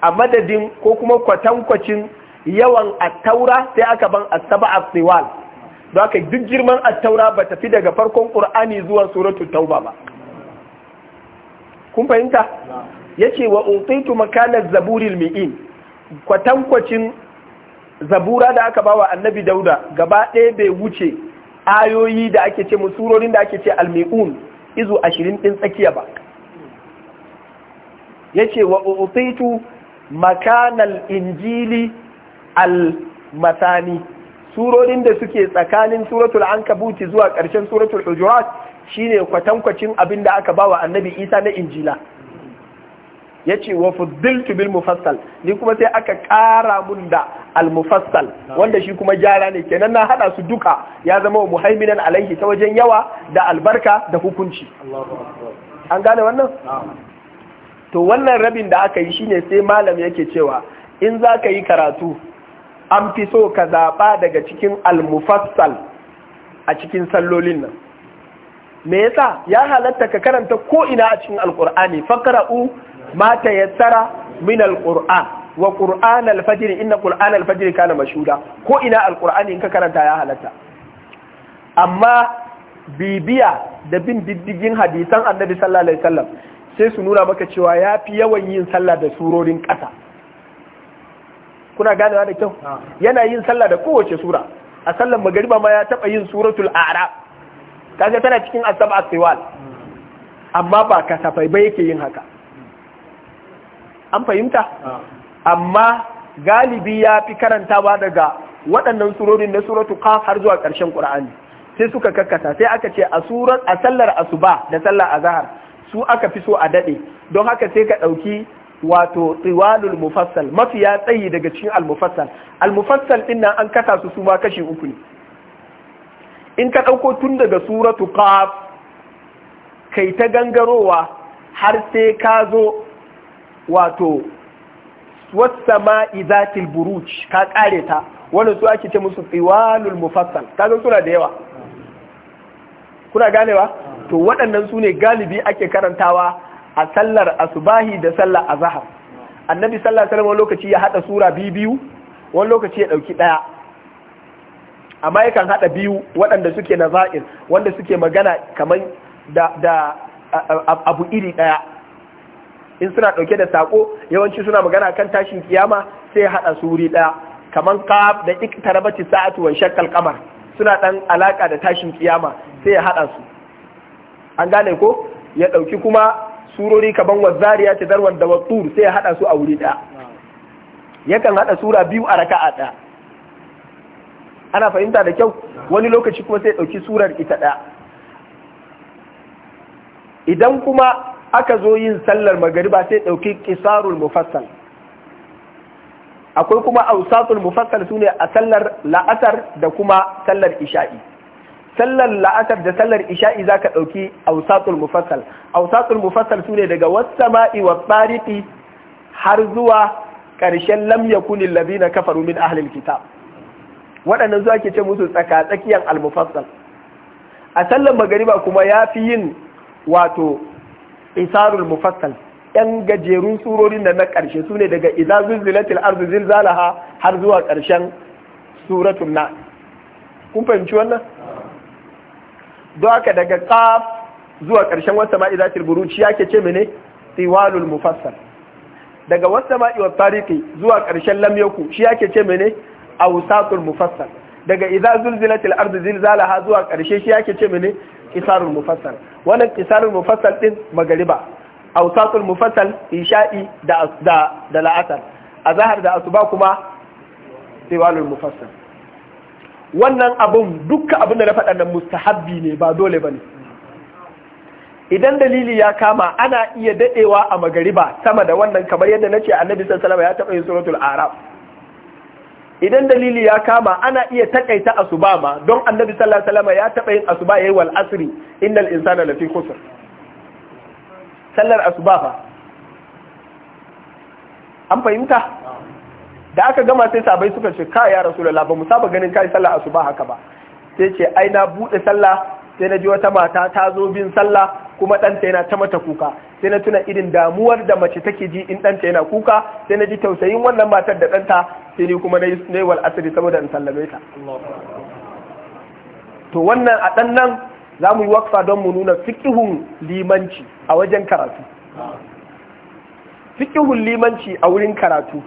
a madadin ko kuma kwatankwacin yawan attaura sai aka ban saba a tsiwal da aka duk girman attaura ba tafi daga farkon ƙur'ani zuwa suratu tauba ba kun fahimta ya ce wa utaitu makanar zaburil mi'in kwatankwacin zabura da aka bawa annabi dauda gaba ɗaya bai wuce ayoyi da ake ce musurorin da ake ce almi'un izu ashirin ɗin tsakiya ba yace wa ubutaitu makanal injili al matani surorin da suke tsakanin suratul ankabuti zuwa ƙarshen suratul hujurat shine kwatankwacin abin da aka bawa annabi isa na injila ya ce wa fuddiltu bil mufassal ni kuma sai aka ƙara mun da al mufassal wanda shi kuma jara ne kenan na hada su duka ya zama wa muhaiminan alaihi ta wajen yawa da albarka da hukunci an gane wannan to wannan rabin da aka yi shine sai malam yake cewa in za ka yi karatu an fi so ka zaɓa daga cikin almufassal a cikin sallolin nan me yasa ya halatta ka karanta ko ina a cikin alkur'ani faqra'u ma tayassara min alqur'an wa qur'an alfajr inna qur'an alfajr kana mashuda ko ina alqur'ani in ka karanta ya halatta amma bibiya da bin diddigin hadisan annabi sallallahu alaihi wasallam sai su nuna maka cewa ya fi yawan yin sallah da surorin ƙasa kuna ganewa da kyau ah. yana yin sallah da kowace sura a sallan magariba ma ya taɓa yin suratul a'ra kaga tana cikin asaba siwal amma ba kasafai ba yake yin haka an fahimta ah. amma galibi ya fi karantawa daga waɗannan surorin na suratu qaf har zuwa ƙarshen qur'ani sai suka kakkata sai aka ce a surar a sallar asuba da sallar zahar. su aka fi so a daɗe don haka sai ka ɗauki wato tsiwalul mufassal mafiya tsayi daga cikin almufassal almufassal ɗin nan an kasa su su ma kashi uku ne in ka ɗauko tun daga suratu qaf kai ta gangarowa har sai ka zo wato wasama izatil buruj ka kare ta wani su ake ce musu tsiwalul mufassal kaga suna da yawa kuna ganewa to waɗannan su ne galibi ake karantawa a sallar asubahi da sallar azahar annabi sallar salama wani lokaci ya haɗa sura biyu biyu wani lokaci ya ɗauki ɗaya amma yakan haɗa biyu waɗanda suke na za'ir wanda suke magana kamar da, abu iri ɗaya in suna ɗauke da saƙo yawanci suna magana kan tashin kiyama sai haɗa suri ɗaya kamar ka da iktarabati sa'atu wa shakkal kamar suna ɗan alaƙa da tashin kiyama sai ya haɗa su an gane ko ya ɗauki kuma surori kaban wazariya ta darwan da wattur sai ya haɗa su a wuri ɗaya yakan haɗa sura biyu a raka'a ɗaya ana fahimta da kyau wani lokaci kuma sai ya ɗauki surar ita ɗaya idan kuma aka zo yin sallar magariba sai ɗauki kisarul mufassal akwai kuma ausatul mufassal sune a sallar la'asar da kuma sallar isha'i sallar la'asar da sallar isha'i zaka dauki ausatul mufassal ausatul mufassal sune daga wasu samai wa tariqi har zuwa karshen lam yakunil ladina kafaru min ahlil kitab waɗannan zuwa ke ce musu tsaka tsakiyar al-mufassal a sallar magariba kuma ya fi yin wato isarul mufassal yan gajerun surorin da na karshe su ne daga idza zulzilatil ardu zilzalaha har zuwa karshen suratun na kun fahimci wannan don haka daga ƙaf zuwa karshen wata ma shi ya ke ce mene tiwalul mufassar daga wata ma wa tariki zuwa karshen lamyoku shi shi ke ce mene wusatul mufassar daga idza zulzilatil ardu zilzalaha zuwa karshe shi ya ke ce mene kisarul mufassar wannan kisarul mufassar din magariba awsatul mufassal isha'i da da da la'asar azhar da asuba kuma tiwalul mufassal wannan abun dukkan abin da na faɗa nan mustahabbi ne ba dole bane idan dalili ya kama ana iya dadewa a magariba sama da wannan kamar yadda nace annabi sallallahu alaihi wasallam ya taɓa yin suratul a'raf idan dalili ya kama ana iya takaita asuba ma don annabi sallallahu alaihi wasallam ya taɓa yin asuba yayin wal asri innal insana lafi khusr sallar asuba fa an fahimta da aka gama sai sabai suka ce ka ya rasulullah ba mu saba ganin kai sallar asuba haka ba sai ce ai na buɗe sallah sai na ji wata mata ta zo bin sallah kuma ɗanta yana ta mata kuka sai na tuna irin damuwar da mace take ji in ɗanta yana kuka sai na ji tausayin wannan matar da ɗanta sai ni kuma na yi wal asiri saboda in sallame ta to wannan a ɗan nan za mu yi wakfa don mu nuna fikihun limanci a wajen karatu fikihun limanci a wurin karatu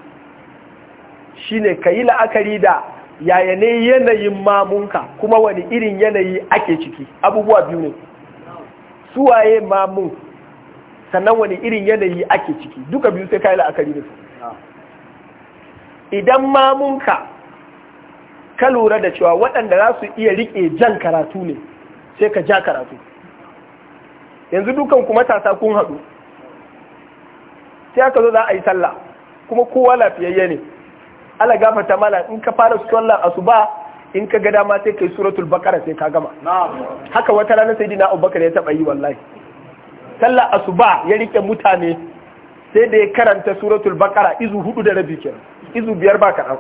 shine ka yi la'akari da yayane yanayin mamunka kuma wani irin yanayi ake ciki abubuwa biyu ne suwaye mamun sannan wani irin yanayi ake ciki duka biyu sai ka yi la'akari da su idan mamunka ka lura da cewa waɗanda za su iya riƙe jan karatu ne sai ka ja karatu yanzu dukan ku matasa kun haɗu sai aka zo za a yi sallah kuma kowa lafiyayye ne ala gafarta mala in ka fara sallah asuba in ka ga dama sai kai suratul baqara sai ka gama haka wata rana sai dina abubakar ya taba yi wallahi sallah asuba ya rike mutane sai da ya karanta suratul baqara izu hudu da rabi kenan izu biyar ba kaɗan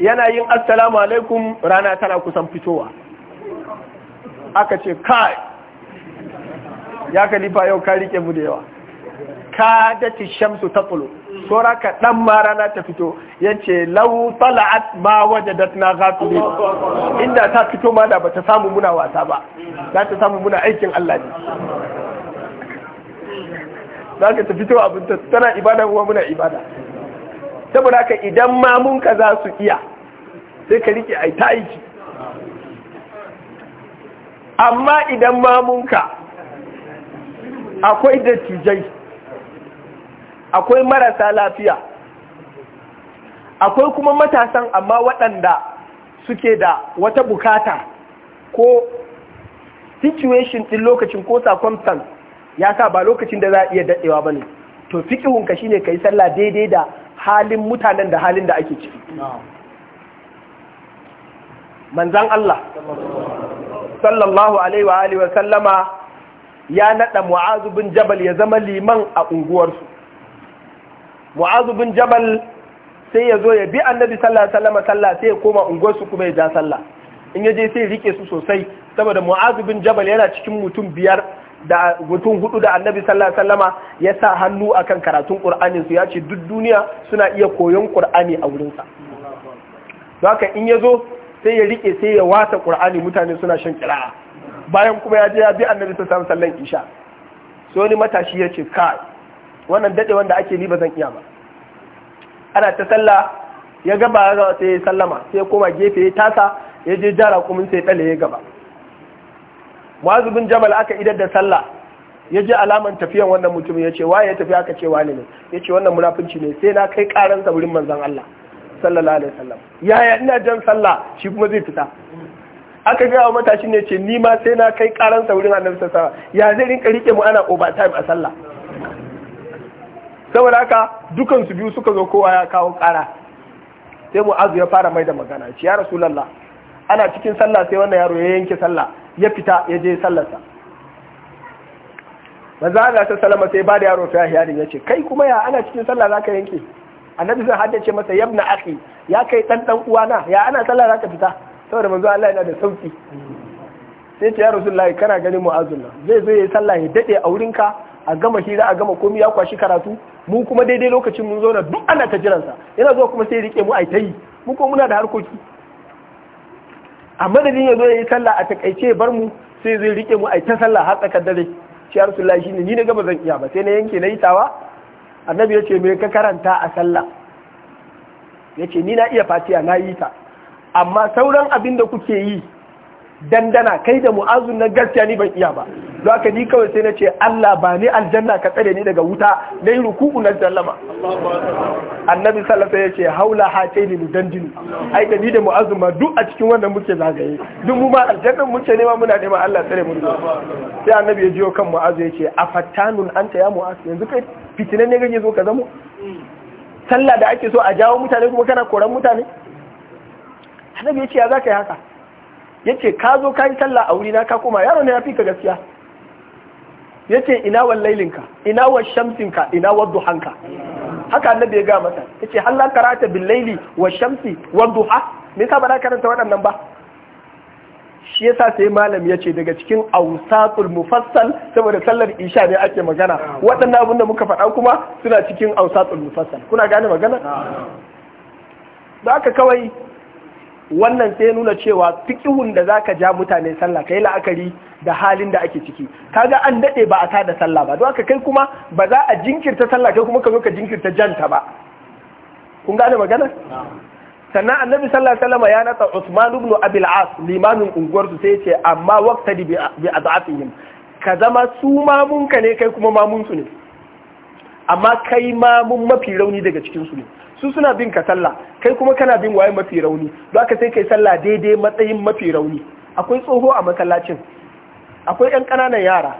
yana yin assalamu alaikum rana tana kusan fitowa aka ce kai ya kalifa yau ka rike mu da yawa ka dace shamsu ta tsulo sora ka dan ma rana ta fito yace law tala'at ma na ghafilin inda ta fito ma da bata samu muna wasa ba za ta samu muna aikin Allah ne za ka ta fito abin ta tana ibada kuma muna ibada saboda ka idan ma ka za su iya sai ka rike a ta aiki amma idan mamunka akwai dattijai akwai marasa lafiya akwai kuma matasan amma waɗanda suke da wata bukata ko situation ɗin lokacin ko circumstance ya sa ba lokacin da za a iya daɗewa ba ne to fikihunka shi ne ka yi sallah daidai da halin mutanen da halin da ake ciki manzan Allah sallallahu alaihi wa wa sallama ya naɗa Mu'azubin jabal ya zama liman a unguwarsu Mu'azubin jabal sai ya zo ya bi annabi sallallahu alaihi sallah sai ya koma unguwarsu kuma ya ja sallah in ya je sai rike su sosai saboda Mu'azubin jabal yana cikin mutum biyar da mutum hudu da annabi sallallahu alaihi wasallama ya sa hannu akan karatun qur'anin su ya ce duk duniya suna iya koyon qur'ani a wurin sa haka in yazo sai ya rike sai ya wasa qur'ani mutane suna shan kira'a bayan kuma ya je ya bi annabi sallallahu alaihi wasallam isha sai wani matashi ya ce kai wannan dade wanda ake ni ba zan iya ba ana ta sallah ya gaba sai ya sallama sai kuma gefe ya tasa ya je jara kuma sai dale ya gaba mu'azu bin jabal aka idar da sallah ya ji alaman tafiyan wannan mutumin ya ce waye ya tafi aka ce wani ne ya ce wannan munafunci ne sai na kai karansa wurin manzon Allah sallallahu alaihi wasallam yaya ina jan sallah shi kuma zai fita aka ga wa matashin ne ce ni ma sai na kai karansa wurin annabi sallallahu ya zai rinka rike mu ana time a sallah saboda haka dukan biyu suka zo kowa ya kawo kara sai mu'azu ya fara mai da magana ce ya rasulullah ana cikin sallah sai wannan yaro ya yanke sallah ya fita ya je sallarsa manzo Allah ta salama sai ba da yaro ta yarin ya ce kai kuma ya ana cikin sallah za ka yanke annabi zai ce masa yabna ake, ya kai ɗanɗan uwana ya ana sallah za ka fita saboda manzo Allah yana da sauki sai ce ya layi kana ganin mu'azun nan zai zo ya yi sallah ya daɗe a wurinka a gama hira a gama komi ya kwashi karatu mu kuma daidai lokacin mun zo na duk ana ta jiransa yana zuwa kuma sai riƙe mu a yi ta yi, mu kuma muna da harkoki a madadin ya zo ya yi sallah a takaice bar mu sai zai rike mu a ta sallah har tsakar dare shi har sulla shi ne ni na gaba zan iya ba sai na yanke na yi tawa annabi ya ce me ka karanta a sallah ya ce ni na iya fatiya na yi ta amma sauran abin da kuke yi dandana kai da mu'azun na gaskiya ni ban iya ba don haka ni kawai sai na ce Allah ba ni aljanna ka tsare ni daga wuta na yi ruku'u na sallama annabi sallallahu ya ce haula hace ni mudandilu ai da ni da mu'azun ma duk a cikin wannan muke zagaye duk mu ma aljannan muke nema muna nema Allah tsare mu sai annabi ya jiyo kan mu'azu ya ce afattanun anta ya mu'azu yanzu kai fitinan ne gaje zo ka zamo sallah da ake so a jawo mutane kuma kana koran mutane annabi ya ce ya za ka yi haka yace ka zo kayi a wurina ka koma yaro ne ya fi ka gaskiya yace ina wal lailinka ina wal shamsinka ina wal duhanka haka annabi ya ga masa yace hal la karata bil laili wa shamsi wal duha me yasa ba karanta waɗannan ba shi yasa sai malam ya ce daga cikin awsatul mufassal saboda sallar isha ne ake magana waɗannan abin da muka faɗa kuma suna cikin awsatul mufassal kuna gane magana da aka kawai wannan sai nuna cewa fiqhun da zaka ja mutane sallah kai la'akari da halin da ake ciki kaga an dade ba a tada sallah ba don haka kai kuma ba za a jinkirta sallah kai kuma ka zo ka jinkirta janta ba kun gane magana sannan annabi sallallahu alaihi wasallam ya nata Usman ibn Abi al-As limamin unguwar su sai ya ce amma waqtadi bi adafihim ka zama su mamunka ne kai kuma mamun su ne amma kai mamun mafi rauni daga cikin su ne su suna bin ka sallah kai kuma kana bin waye mafi rauni don ka sai kai sallah daidai matsayin mafi rauni akwai tsoho a masallacin akwai yan ƙananan yara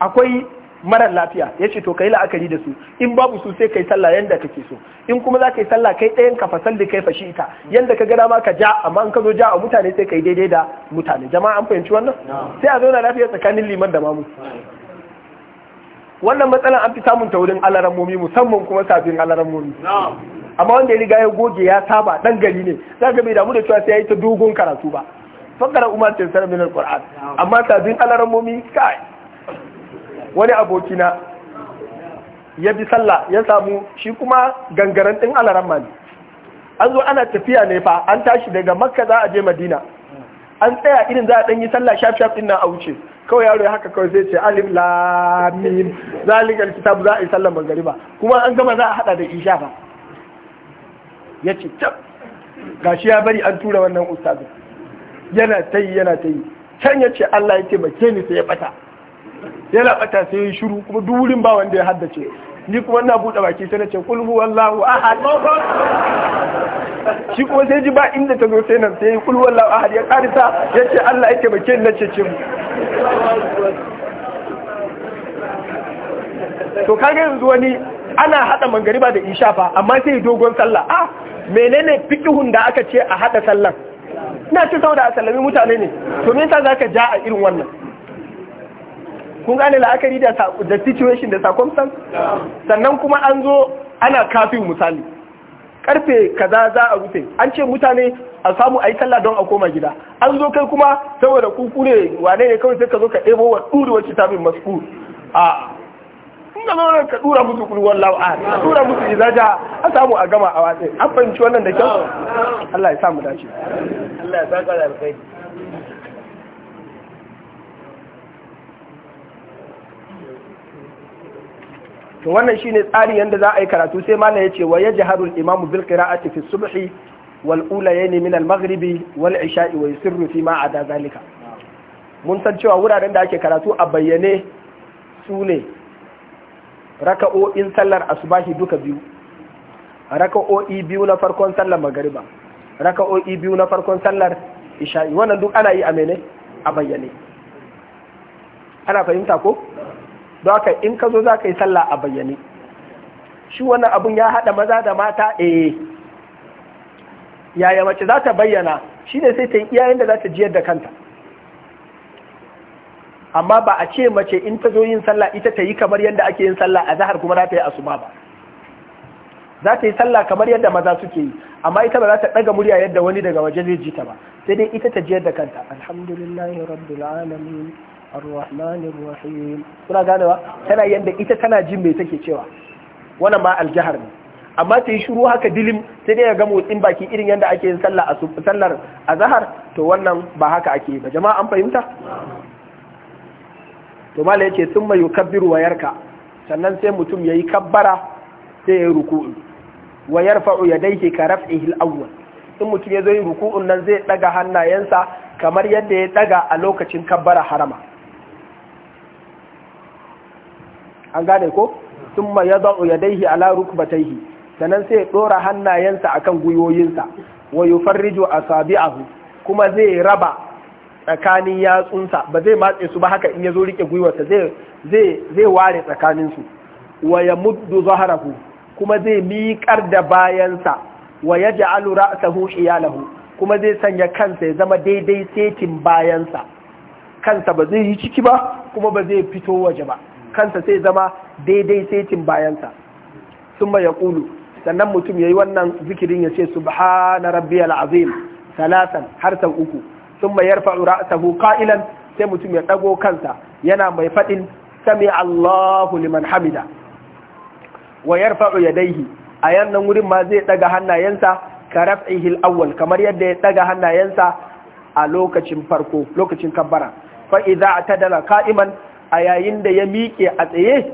akwai marar lafiya ya ce to kai la'akari da su in babu su sai kai sallah yanda kake so in kuma za ka yi sallah kai ɗayan ka fasal da kai fashi ita yadda ka gada ma ka ja amma in ka zo ja a mutane sai kai daidai da mutane jama'a an fahimci wannan sai a zauna lafiya tsakanin liman da mamu wannan matsalan an fi samun ta wurin alarammomi musamman kuma safin alarammomi amma wanda ya riga ya goge ya saba dan gari ne za ga bai damu da cewa sai ya yi ta dogon karatu ba fakara umar ta sanar minar qur'an amma sabbin alarammomi kai wani abokina ya bi sallah ya samu shi kuma gangaren din alaramma ne an zo ana tafiya ne fa an tashi daga makka za a je madina an tsaya irin za a ɗan yi sallah shaf shaf ɗin nan a wuce kawai yaro ya haka kawai zai ce alif lamim zalikal kitab za a yi sallah magariba kuma an gama za a haɗa da isha ba. ya ce tab gashi ya bari an tura wannan ustazin yana ta yi yana ta yi can ya ce Allah ya taimake ni sai ya ɓata yana sai ya shiru kuma duk wurin ba wanda ya haddace ni kuma na buɗe baki sai na ce kulhu wallahu ahad shi kuma sai ji ba inda ta zo sai nan sai kulhu wallahu ahad ya karisa ya ce Allah yake bake na cece mu to kaga yanzu wani ana hada mangariba da isha fa amma sai dogon sallah ah menene fiqhun da aka ce a hada sallah ina ce saboda a sallami mutane ne to me yasa zaka ja a irin wannan kun gane la'akari da da situation da circumstance sannan kuma an zo ana kafin misali karfe kaza za a rufe an ce mutane a samu a yi sallah don a koma gida an zo kai kuma saboda kuku ne wane ne kawai sai ka zo ka ɗebo wa ɗuri wacce ta min masu a in ga zo ka ɗura musu kuri wallahu a ka ɗura musu izaja a samu a gama a watsi an fahimci wannan da kyau Allah ya samu dace Allah ya saka da alkhairi to wannan shine tsari yanda za a yi karatu sai ya ce wa yajharu al-imamu bil qira'ati fi subhi wal ulayni min al-maghribi wal isha'i wa yusirru fi ma ada zalika mun san cewa wuraren da ake karatu a bayyane su ne raka'o'in sallar asubahi duka biyu raka'o'i biyu na farkon sallar magariba raka'o'i biyu na farkon sallar isha'i wannan duk ana yi a mene a bayyane ana fahimta ko don haka in ka zo za ka yi sallah a bayyane shi wannan abun ya haɗa maza da mata eh yaya mace za ta bayyana shi ne sai ta yi iyayen da za ta jiyar da kanta amma ba a ce mace in ta zo yin sallah ita ta yi kamar yadda ake yin sallah a zahar kuma za ta yi asuba ba za ta yi sallah kamar yadda maza suke yi amma ita ba za ta ɗaga murya yadda wani daga waje zai ji ta ba sai dai ita ta jiyar da kanta alhamdulillahi rabbil alamin ar-rahmanir rahim tana yanda ita tana jin me take cewa wannan ma aljahar ne amma ta shiru haka dilim sai dai ga motsin baki irin yadda ake yin sallah a sallar to wannan ba haka ake ba jama'a an fahimta to mala yace thumma yukabbiru wa yarka sannan sai mutum yayi kabbara sai yayi ruku'u wa yarfa'u yadayhi ka raf'ihi al-awwal in mutum ya zo yi ruku'un nan zai daga hannayensa kamar yadda ya daga a lokacin kabbara harama an gane ko ya thumma yada'u daihi ala rukbataihi sannan sai dora hannayensa akan guyoyinsa wa a asabi'ahu kuma zai raba tsakanin yatsunsa ba zai matse su ba haka in ya zo rike gwiwarsa zai zai ware tsakaninsu wa ya muddu zahrahu kuma zai miƙar da bayansa wa ya Al'ura a ra'sahu iyalahu kuma zai sanya kansa ya zama daidai setin bayansa kansa ba zai yi ciki ba kuma ba zai fito waje ba kansa sai zama daidai setin bayansa summa ya ƙulu sannan mutum ya yi wannan zikirin ya ce subhana rabbi al’azim salasan har sau uku summa yarfa'u ra'sahu ka'ilan sai mutum ya ɗago kansa yana mai faɗin sami Allahu liman hamida wa ya daihi a yannan wurin ma zai ɗaga hannayensa ka rafi awwal kamar yadda ya ɗaga hannayensa a lokacin farko lokacin kabbara fa idza atadala ka'iman a yayin da ya miƙe a tsaye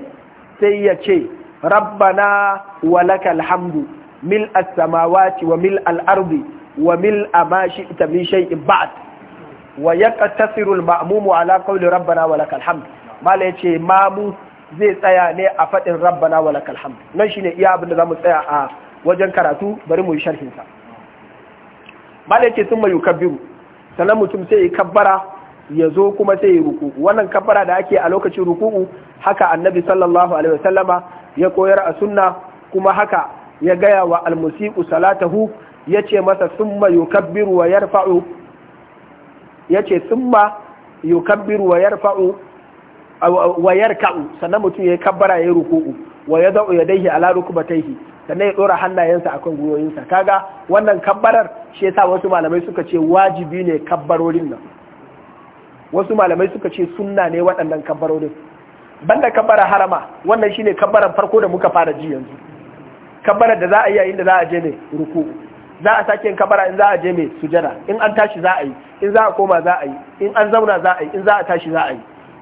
sai ya ce rabbana walakal hamdu mil as-samawati wa mil al-ardi wa mil ma ita min shay'in ba'd wa yaqtasiru al-ma'mum ala qawli rabbana walakal hamd mala yace mamu zai tsaya ne a faɗin rabbana walakal Hamdu nan shine iya abin da zamu tsaya a wajen karatu bari mu yi sharhin sa sun mai yukabbiru sannan mutum sai ya kabbara ya zo kuma sai ya ruku wannan kabbara da ake a lokacin ruku'u haka annabi sallallahu alaihi wasallama ya koyar a sunna kuma haka ya gaya wa almusiku salatahu ya ce masa summa yukabbiru wa yarfa'u ya summa yukabbiru wa yarfa'u wa yarka'u sannan mutum ya kabbara ya ruku'u wa ya da'u yadaihi ala rukubataihi sannan ya dora hannayensa akan gwiwoyinsa kaga wannan kabbarar shi yasa wasu malamai suka ce wajibi ne kabbarorin nan wasu malamai suka ce sunna ne waɗannan kabbarorin banda kabbara harama wannan shine kabbaran farko da muka fara ji yanzu kabbarar da za a yi yayin da za a je ne ruku za a sake kabbara in za a je mai sujada in an tashi za a yi in za a koma za a yi in an zauna za a yi in za a tashi za a yi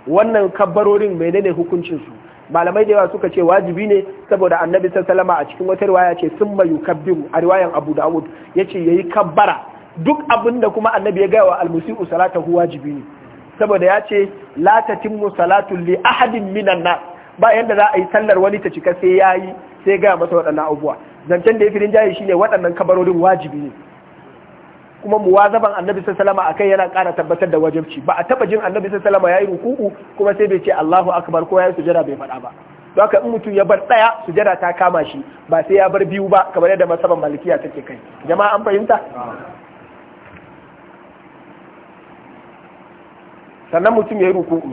wannan kabbarorin menene hukuncin su malamai da yawa suka ce wajibi ne saboda annabi sallama a cikin wata riwaya ce sun mai yukabbiru a riwayan abu da'ud ya yace yayi kabbara duk abin da kuma annabi ya gaya wa almusi'u salatahu wajibi ne saboda ya ce la musalatun li ahadin minan nas ba yanda za a yi sallar wani ta cika sai yayi sai ga masa waɗannan abubuwa zancen da ya firin jayi shine waɗannan kabarorin wajibi ne kuma muwazaban annabi sallallahu alaihi akai yana ƙara tabbatar da wajibci ba a taba jin annabi sallallahu alaihi yayi ruku'u kuma sai bai ce Allahu akbar ko yayi sujada bai faɗa ba to haka in mutum ya bar ɗaya sujada ta kama shi ba sai ya bar biyu ba kamar yadda masaban malikiya take kai jama'a an fahimta sannan mutum ya yi ruku'u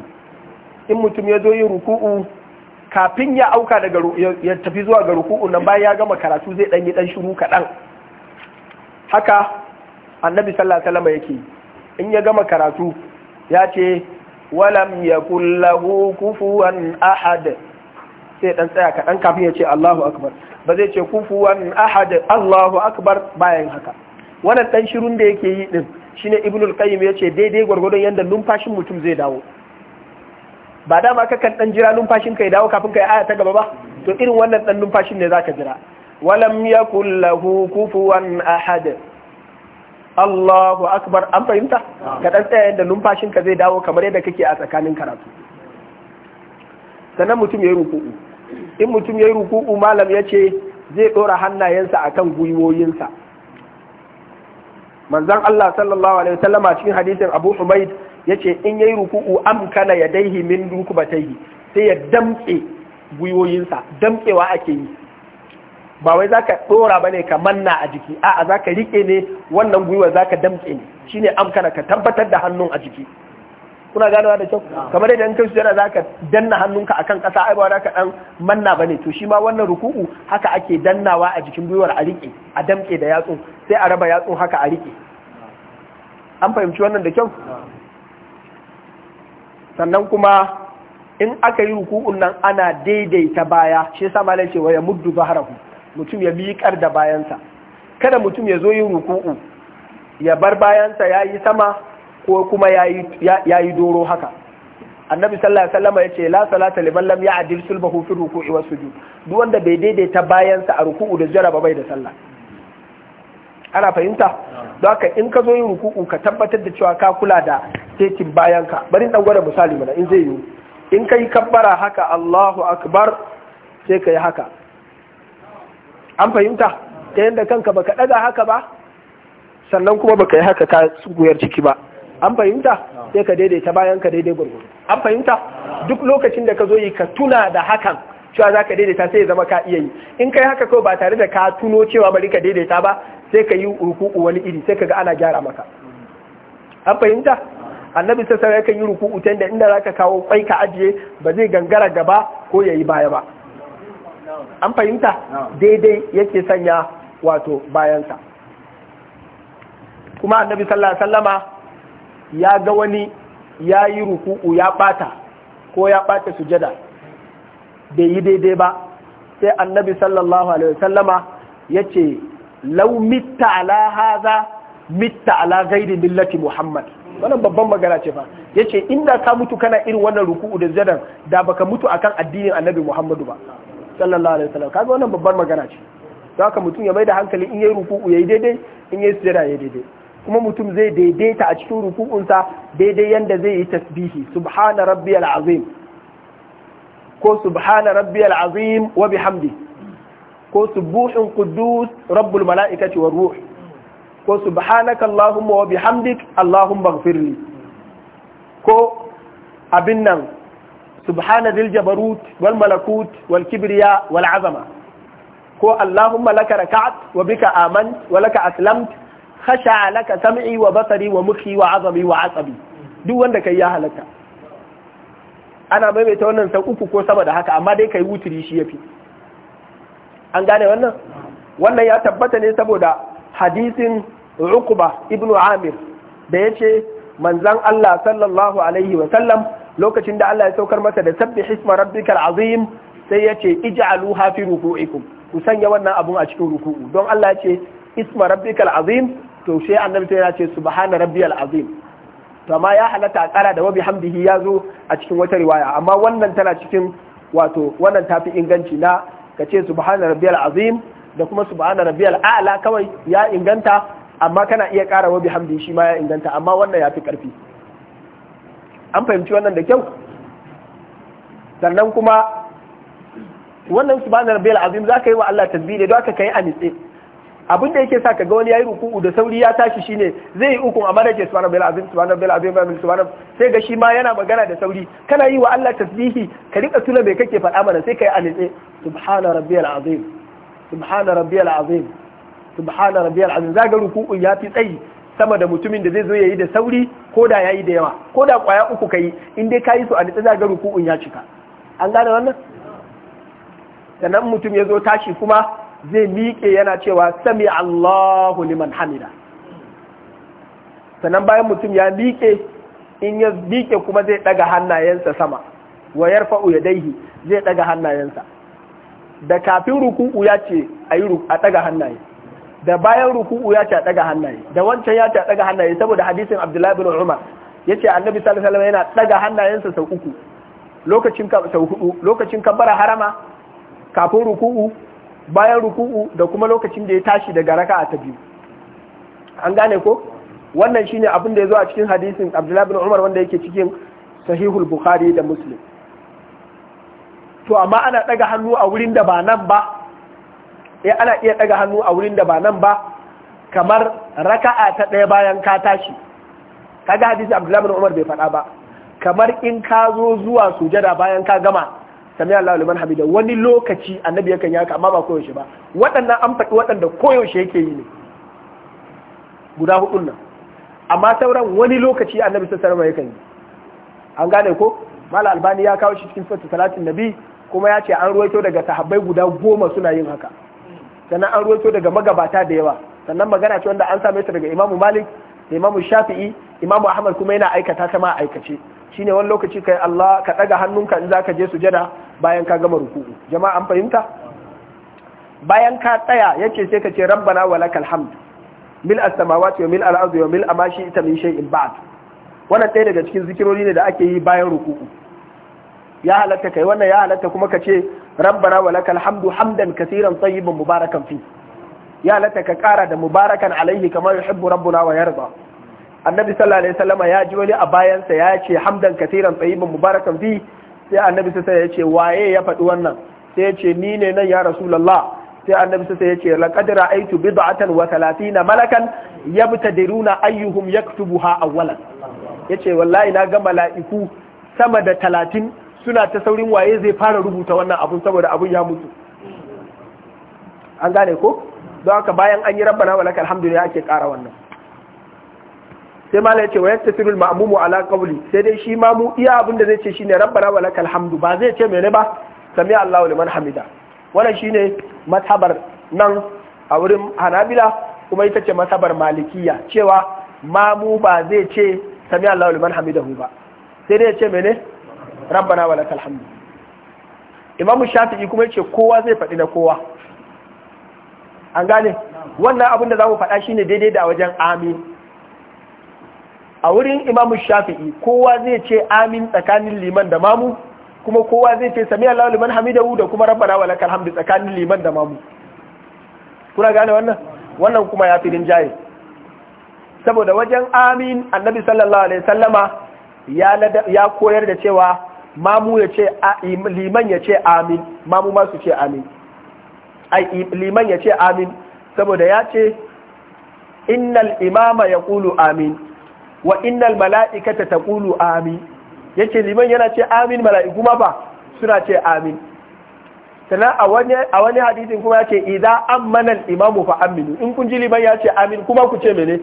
in mutum ya zo yi ruku'u kafin ya auka daga ya tafi zuwa ga ruku'u nan bayan ya gama karatu zai ɗanyi ɗan shiru kaɗan haka annabi sallallahu alaihi yake in ya gama karatu ya ce walam yakul lahu kufuwan ahad sai ɗan tsaya kaɗan kafin ya ce Allahu akbar ba zai ce kufuwan ahad Allahu akbar bayan haka wannan ɗan shirun da yake yi ɗin. shi ne al qayyim ce daidai gwargwadon yadda numfashin mutum zai dawo ba dama ka kan dan jira numfashin ka ya dawo kafin ka yi aya ta gaba ba to irin wannan dan numfashin ne zaka jira walam yakul lahu kufuwan ahad Allahu akbar an fahimta ka dan tsaya yadda numfashin ka zai dawo kamar yadda kake a tsakanin karatu sannan mutum yayi ruku'u in mutum yayi ruku'u malam yace zai dora hannayensa akan gwiwoyinsa manzon Allah sallallahu alaihi wasallama cikin hadisin Abu Humaid yace in yayi ruku'u ya yadaihi min yi, sai ya damke gwiwoyinsa damkewa ake yi ba wai zaka dora bane ka manna a jiki a'a zaka rike ne wannan gwiwa zaka damke ne shine amkana ka tabbatar da hannun a jiki kuna ganowa da kyau kamar yadda in kai za ka danna hannunka akan kasa ai ba ka dan manna bane to shi ma wannan ruku'u haka ake dannawa a jikin gwiwar a rike a damke da yatsu sai a raba yatsun haka a rike an fahimci wannan da kyau sannan kuma in aka yi ruku'un nan ana daidaita baya shi yasa malai wa ya muddu baharahu mutum ya miƙar da bayansa kada mutum ya zo yin ruku'u ya bar bayansa ya yi sama ko kuma ya yi doro haka annabi sallallahu alaihi wasallam ya ce la salata liman lam ya'dil sulbahu fi ruku'i wa sujud duk wanda bai daidaita bayansa a ruku'u da jaraba bai da sallah ana fahimta don haka in ka zo yin ruku'u ka tabbatar da cewa ka kula da tekin bayanka bari dan gwada misali mana in zai yi in kai kabbara haka Allahu akbar sai ka yi haka an fahimta ta yanda kanka baka daga haka ba sannan kuma baka yi haka ka tsuguyar ciki ba an fahimta sai ka daidaita bayan ka daidai gurgudu an fahimta duk lokacin da ka zo yi ka tuna da hakan cewa za ka daidaita sai ya zama ka iya yi in kai haka kawai ba tare da ka tuno cewa bari ka daidaita ba sai ka yi ruku'u wani iri sai ka ga ana gyara maka an fahimta annabi sassan ya kan yi ruku'u ta inda inda za ka kawo kwai ka ajiye ba zai gangara gaba ko ya yi baya ba an fahimta daidai yake sanya wato bayansa kuma annabi sallallahu alaihi wasallama ya ga wani ya yi ruku'u ya ɓata ko ya ɓata sujada bai yi daidai ba sai annabi sallallahu alaihi wasallama ya ce lau mitta ala haza mitta ala gairi millati muhammad wannan babban magana ce fa ya ce inda ka mutu kana irin wannan ruku'u da zadan da baka mutu akan addinin annabi muhammadu ba sallallahu alaihi wasallam kaga wannan babban magana ce za ka mutum ya mai da hankali in yayi ruku'u ya yi daidai in yayi sujada yi daidai kuma mutum zai daidaita a cikin ruku'unsa daidai yanda zai yi tasbihi subhana rabbiyal azim ko subhana rabbiyal azim wa bihamdi ko subuhun quddus rabbul malaikati war ruh ko subhanaka allahumma wa bihamdik allahumma ighfirli ko abin nan subhana dhil jabarut wal malakut wal kibriya wal azama ko allahumma laka raka'at wa bika amant wa laka aslamt khasha alaka sam'i wa basari wa mukhi wa azami wa asabi duk wanda kai ya halaka ana maimaita wannan sau uku ko sama da haka amma dai kai wuturi shi yafi an gane wannan wannan ya tabbata ne saboda hadisin Uqba ibn Amir da yace manzon Allah sallallahu alaihi wa sallam lokacin da Allah ya saukar masa da sabbi hisma rabbikal azim sai yace ij'aluha fi ruku'ikum ku sanya wannan abun a cikin ruku'u don Allah ya ce isma rabbikal azim to shi annabi ta yana ce subhana rabbiyal azim to amma ya halatta a kara da wabi hamdihi ya zo a cikin wata riwaya amma wannan tana cikin wato wannan tafi inganci na ka ce subhana rabbiyal azim da kuma subhana rabbiyal a'la kawai ya inganta amma kana iya kara wabi hamdihi shi ma ya inganta amma wannan ya fi karfi an fahimci wannan da kyau sannan kuma wannan subhana rabbiyal azim za ka yi wa Allah tasbih ne don ka kai a nitse abin da yake sa ka ga wani yayi ruku'u da sauri ya tashi shine zai yi ukun amma da ke subhanallahi alazim subhanallahi alazim subhanallahi sai ga shi ma yana magana da sauri kana yi wa Allah tasbihi ka rika tuna me kake faɗa mana sai kai alitse subhana rabbiyal azim subhana rabbiyal azim subhana rabbiyal azim zaga ruku'u ya fi tsayi sama da mutumin da zai zo yayi da sauri ko da yayi da yawa ko da kwaya uku kai in dai kayi su alitse zaga ruku'un ya cika an gane wannan sannan mutum ya zo tashi kuma zai miƙe yana cewa sami Allahu liman hamida sannan bayan mutum ya miƙe in ya miƙe kuma zai ɗaga hannayensa sama wa yarfa'u yadaihi zai ɗaga hannayensa da kafin ruku'u ya ce a yi a ɗaga hannaye da bayan ruku'u ya ce a ɗaga hannaye da wancan ya ce a ɗaga hannaye saboda hadisin Abdullahi bin Umar ya ce Annabi sallallahu alaihi yana ɗaga hannayensa sau uku lokacin sau hudu lokacin kabbara harama kafin ruku'u bayan ruku'u da kuma lokacin da ya tashi daga raka'a a biyu an gane ko wannan shine abin da ya zo a cikin hadisin Abdullahi bin Umar wanda yake cikin sahihul Bukhari da Muslim to amma ana daga hannu a wurin da ba nan ba eh ana iya ɗaga hannu a wurin da ba nan ba kamar raka'a ta ɗaya bayan ka tashi kaga hadisi Abdullahi bin Umar bai faɗa ba kamar in ka zo zuwa sujada bayan ka gama sami Allah liman hamida wani lokaci annabi yakan yi haka amma ba koyaushe ba waɗannan an faɗi waɗanda koyaushe yake yi ne guda hudun nan amma sauran wani lokaci annabi sun alaihi yakan yi an gane ko mala albani ya kawo shi cikin sura talatin nabi kuma ya ce an ruwaito daga sahabbai guda goma suna yin haka sannan an ruwaito daga magabata da yawa sannan magana ce wanda an same ta daga imamu malik da imamu shafi'i imamu ahmad kuma yana aikata ta ma aikace shine wani lokaci kai Allah ka daga hannunka in zaka je sujada bayan ka gama ruku'u jama'a an fahimta bayan ka tsaya yace sai ka ce rabbana walakal hamd mil as-samawati wa mil al-ardi wa mil amashi ita min shay'in ba'd wannan ɗaya daga cikin zikirori ne da ake yi bayan ruku'u ya halatta kai wannan ya halatta kuma ka ce rabbana walakal hamdu hamdan kasiran tayyiban mubarakan fi ya halatta ka kara da mubarakan alaihi kamar yuhibbu rabbuna wa yarda annabi sallallahu alaihi wasallama ya ji wani a bayansa ya ce hamdan katiran tsayiban mubarakan fi sai annabi sai ya ce waye ya faɗi wannan sai ya ce ni ne nan ya rasulullah sai annabi sai ya ce laqad ra'aytu bid'atan wa thalathina malakan yabtadiruna ayyuhum yaktubuha awwalan yace wallahi na ga mala'iku sama da 30 suna ta saurin waye zai fara rubuta wannan abun saboda abun ya mutu an gane ko don haka bayan an yi rabbana walakal hamdulillah ake kara wannan sai ya ce wa ma'amu mu ala ƙauli sai dai shi ma mu iya abin da zai ce shine rabbana wa lakal hamdu ba zai ce mene ba sami Allahu liman hamida wannan shine mazhabar nan a wurin Hanabila kuma ita ce mazhabar Malikiya cewa ma mu ba zai ce sami Allahu liman hamidahu ba sai dai ya ce mene rabbana wa lakal hamdu Imam Shafi'i kuma yace kowa zai faɗi na kowa an gane wannan abin da mu faɗa shine daidai da wajen amin a wurin imamu shafi'i kowa zai ce amin tsakanin liman da mamu kuma kowa zai ce sami Allah liman hamidahu da kuma rabbana wa lakal hamdu tsakanin liman da mamu kuna gane wannan wannan kuma ya fi jaye saboda wajen amin annabi sallallahu alaihi sallama ya koyar da cewa mamu ya ce liman ya ce amin mamu ma su ce amin ai liman ya ce amin saboda ya ce innal imama ya kulu amin wa innal mala'ikata ƙulu amin yace liman yana ce amin mala'iku ma fa suna ce amin sannan a wani a hadisin kuma yace an ammana al-imamu fa aminu in kun ji liman ya ce amin kuma ku ce mene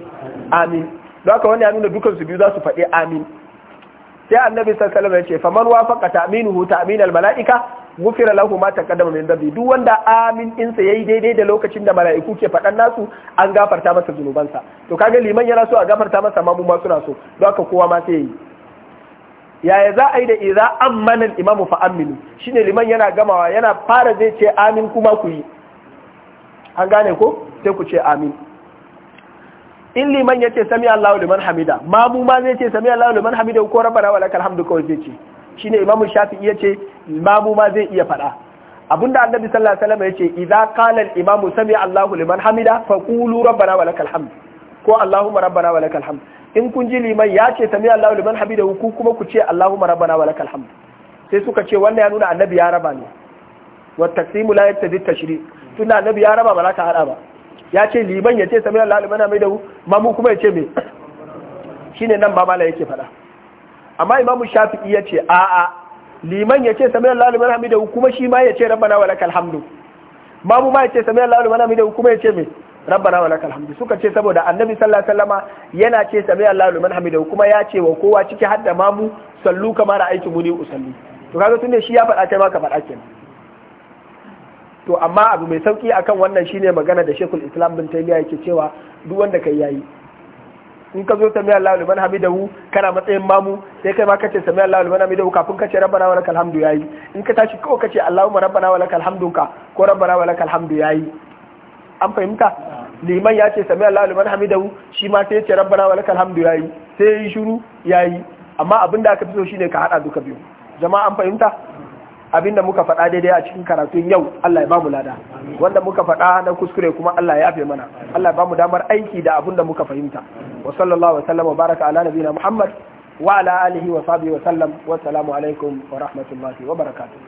amin don haka wani ya da dukkan su biyu za su faɗi amin sai annabi sallallahu alaihi wasallam ya ce faman wafaqa ta'minuhu ta'min al-mala'ika gufira lahu ma taqaddama min dhanbi duk wanda amin din sa yayi daidai da lokacin da mala'iku ke faɗan nasu an gafarta masa zunubansa to kaga liman yana so a gafarta masa ma mu ma suna so don haka kowa ma sai yayi yaya za a yi da idza ammana al-imamu fa aminu shine liman yana gamawa yana fara zai ce amin kuma ku yi an gane ko sai ku ce amin in liman yace sami Allahu liman hamida ma mu ma zai ce sami Allahu liman hamida ko rabbana wa lakal hamdu kawai zai ce shine imamu shafi'i ce, imamu ma zai iya faɗa abinda annabi sallallahu alaihi wasallam ce idza qala al imamu sami Allahu liman hamida fa qulu rabbana lakal hamd ko allahumma rabbana lakal hamd in kun ji liman ya ce sami Allahu liman hamida ku kuma ku ce allahumma rabbana lakal hamd sai suka ce wannan ya nuna annabi ya raba ne wa taqsimu la yattabi tashri tunda annabi ya raba ba za ka hada ba ya ce liman ya ce sami Allahu liman hamida mamu kuma ya ce me shine nan ba mala yake faɗa amma imamu shafi'i ya ce a'a liman ya ce da Allah liman Hamidu kuma shi ma ya ce rabbana wa lakal hamdu mamu ma ya ce da Allah liman Hamidu kuma ya ce me rabbana wa lakal hamdu suka ce saboda annabi sallallahu alaihi wasallama yana ce da Allah liman Hamidu kuma ya ce wa kowa ciki har da mamu sallu kama aiki muni usalli to kaga tunda shi ya faɗa kai ma ka faɗa kenan to amma abu mai sauki akan wannan shine magana da Sheikhul Islam bin Taymiyyah yake cewa duk wanda kai yayi in ka zo sami Allah liman hamidahu kana matsayin mamu sai kai ma kace sami Allah liman hamidahu kafin kace rabbana wa lakal hamdu yayi in ka tashi kawai kace Allahumma rabbana wa lakal hamdu ka ko rabbana wa lakal hamdu yayi an fahimta liman ya ce sami Allah liman hamidahu shi ma sai ya ce rabbana wa lakal hamdu yayi sai yi shiru yayi amma abinda da aka fi so shine ka hada duka biyu jama'a an fahimta Abin da muka faɗa daidai a cikin karatun yau Allah ya bamu lada wanda muka faɗa na kuskure kuma Allah ya yafe mana Allah ya bamu damar aiki da abin da muka fahimta wa sallallahu wa sallam wa baraka ala nabiyina Muhammad wa ala alihi wa sahbihi wa sallam wa assalamu alaikum wa rahmatullahi wa barakatuh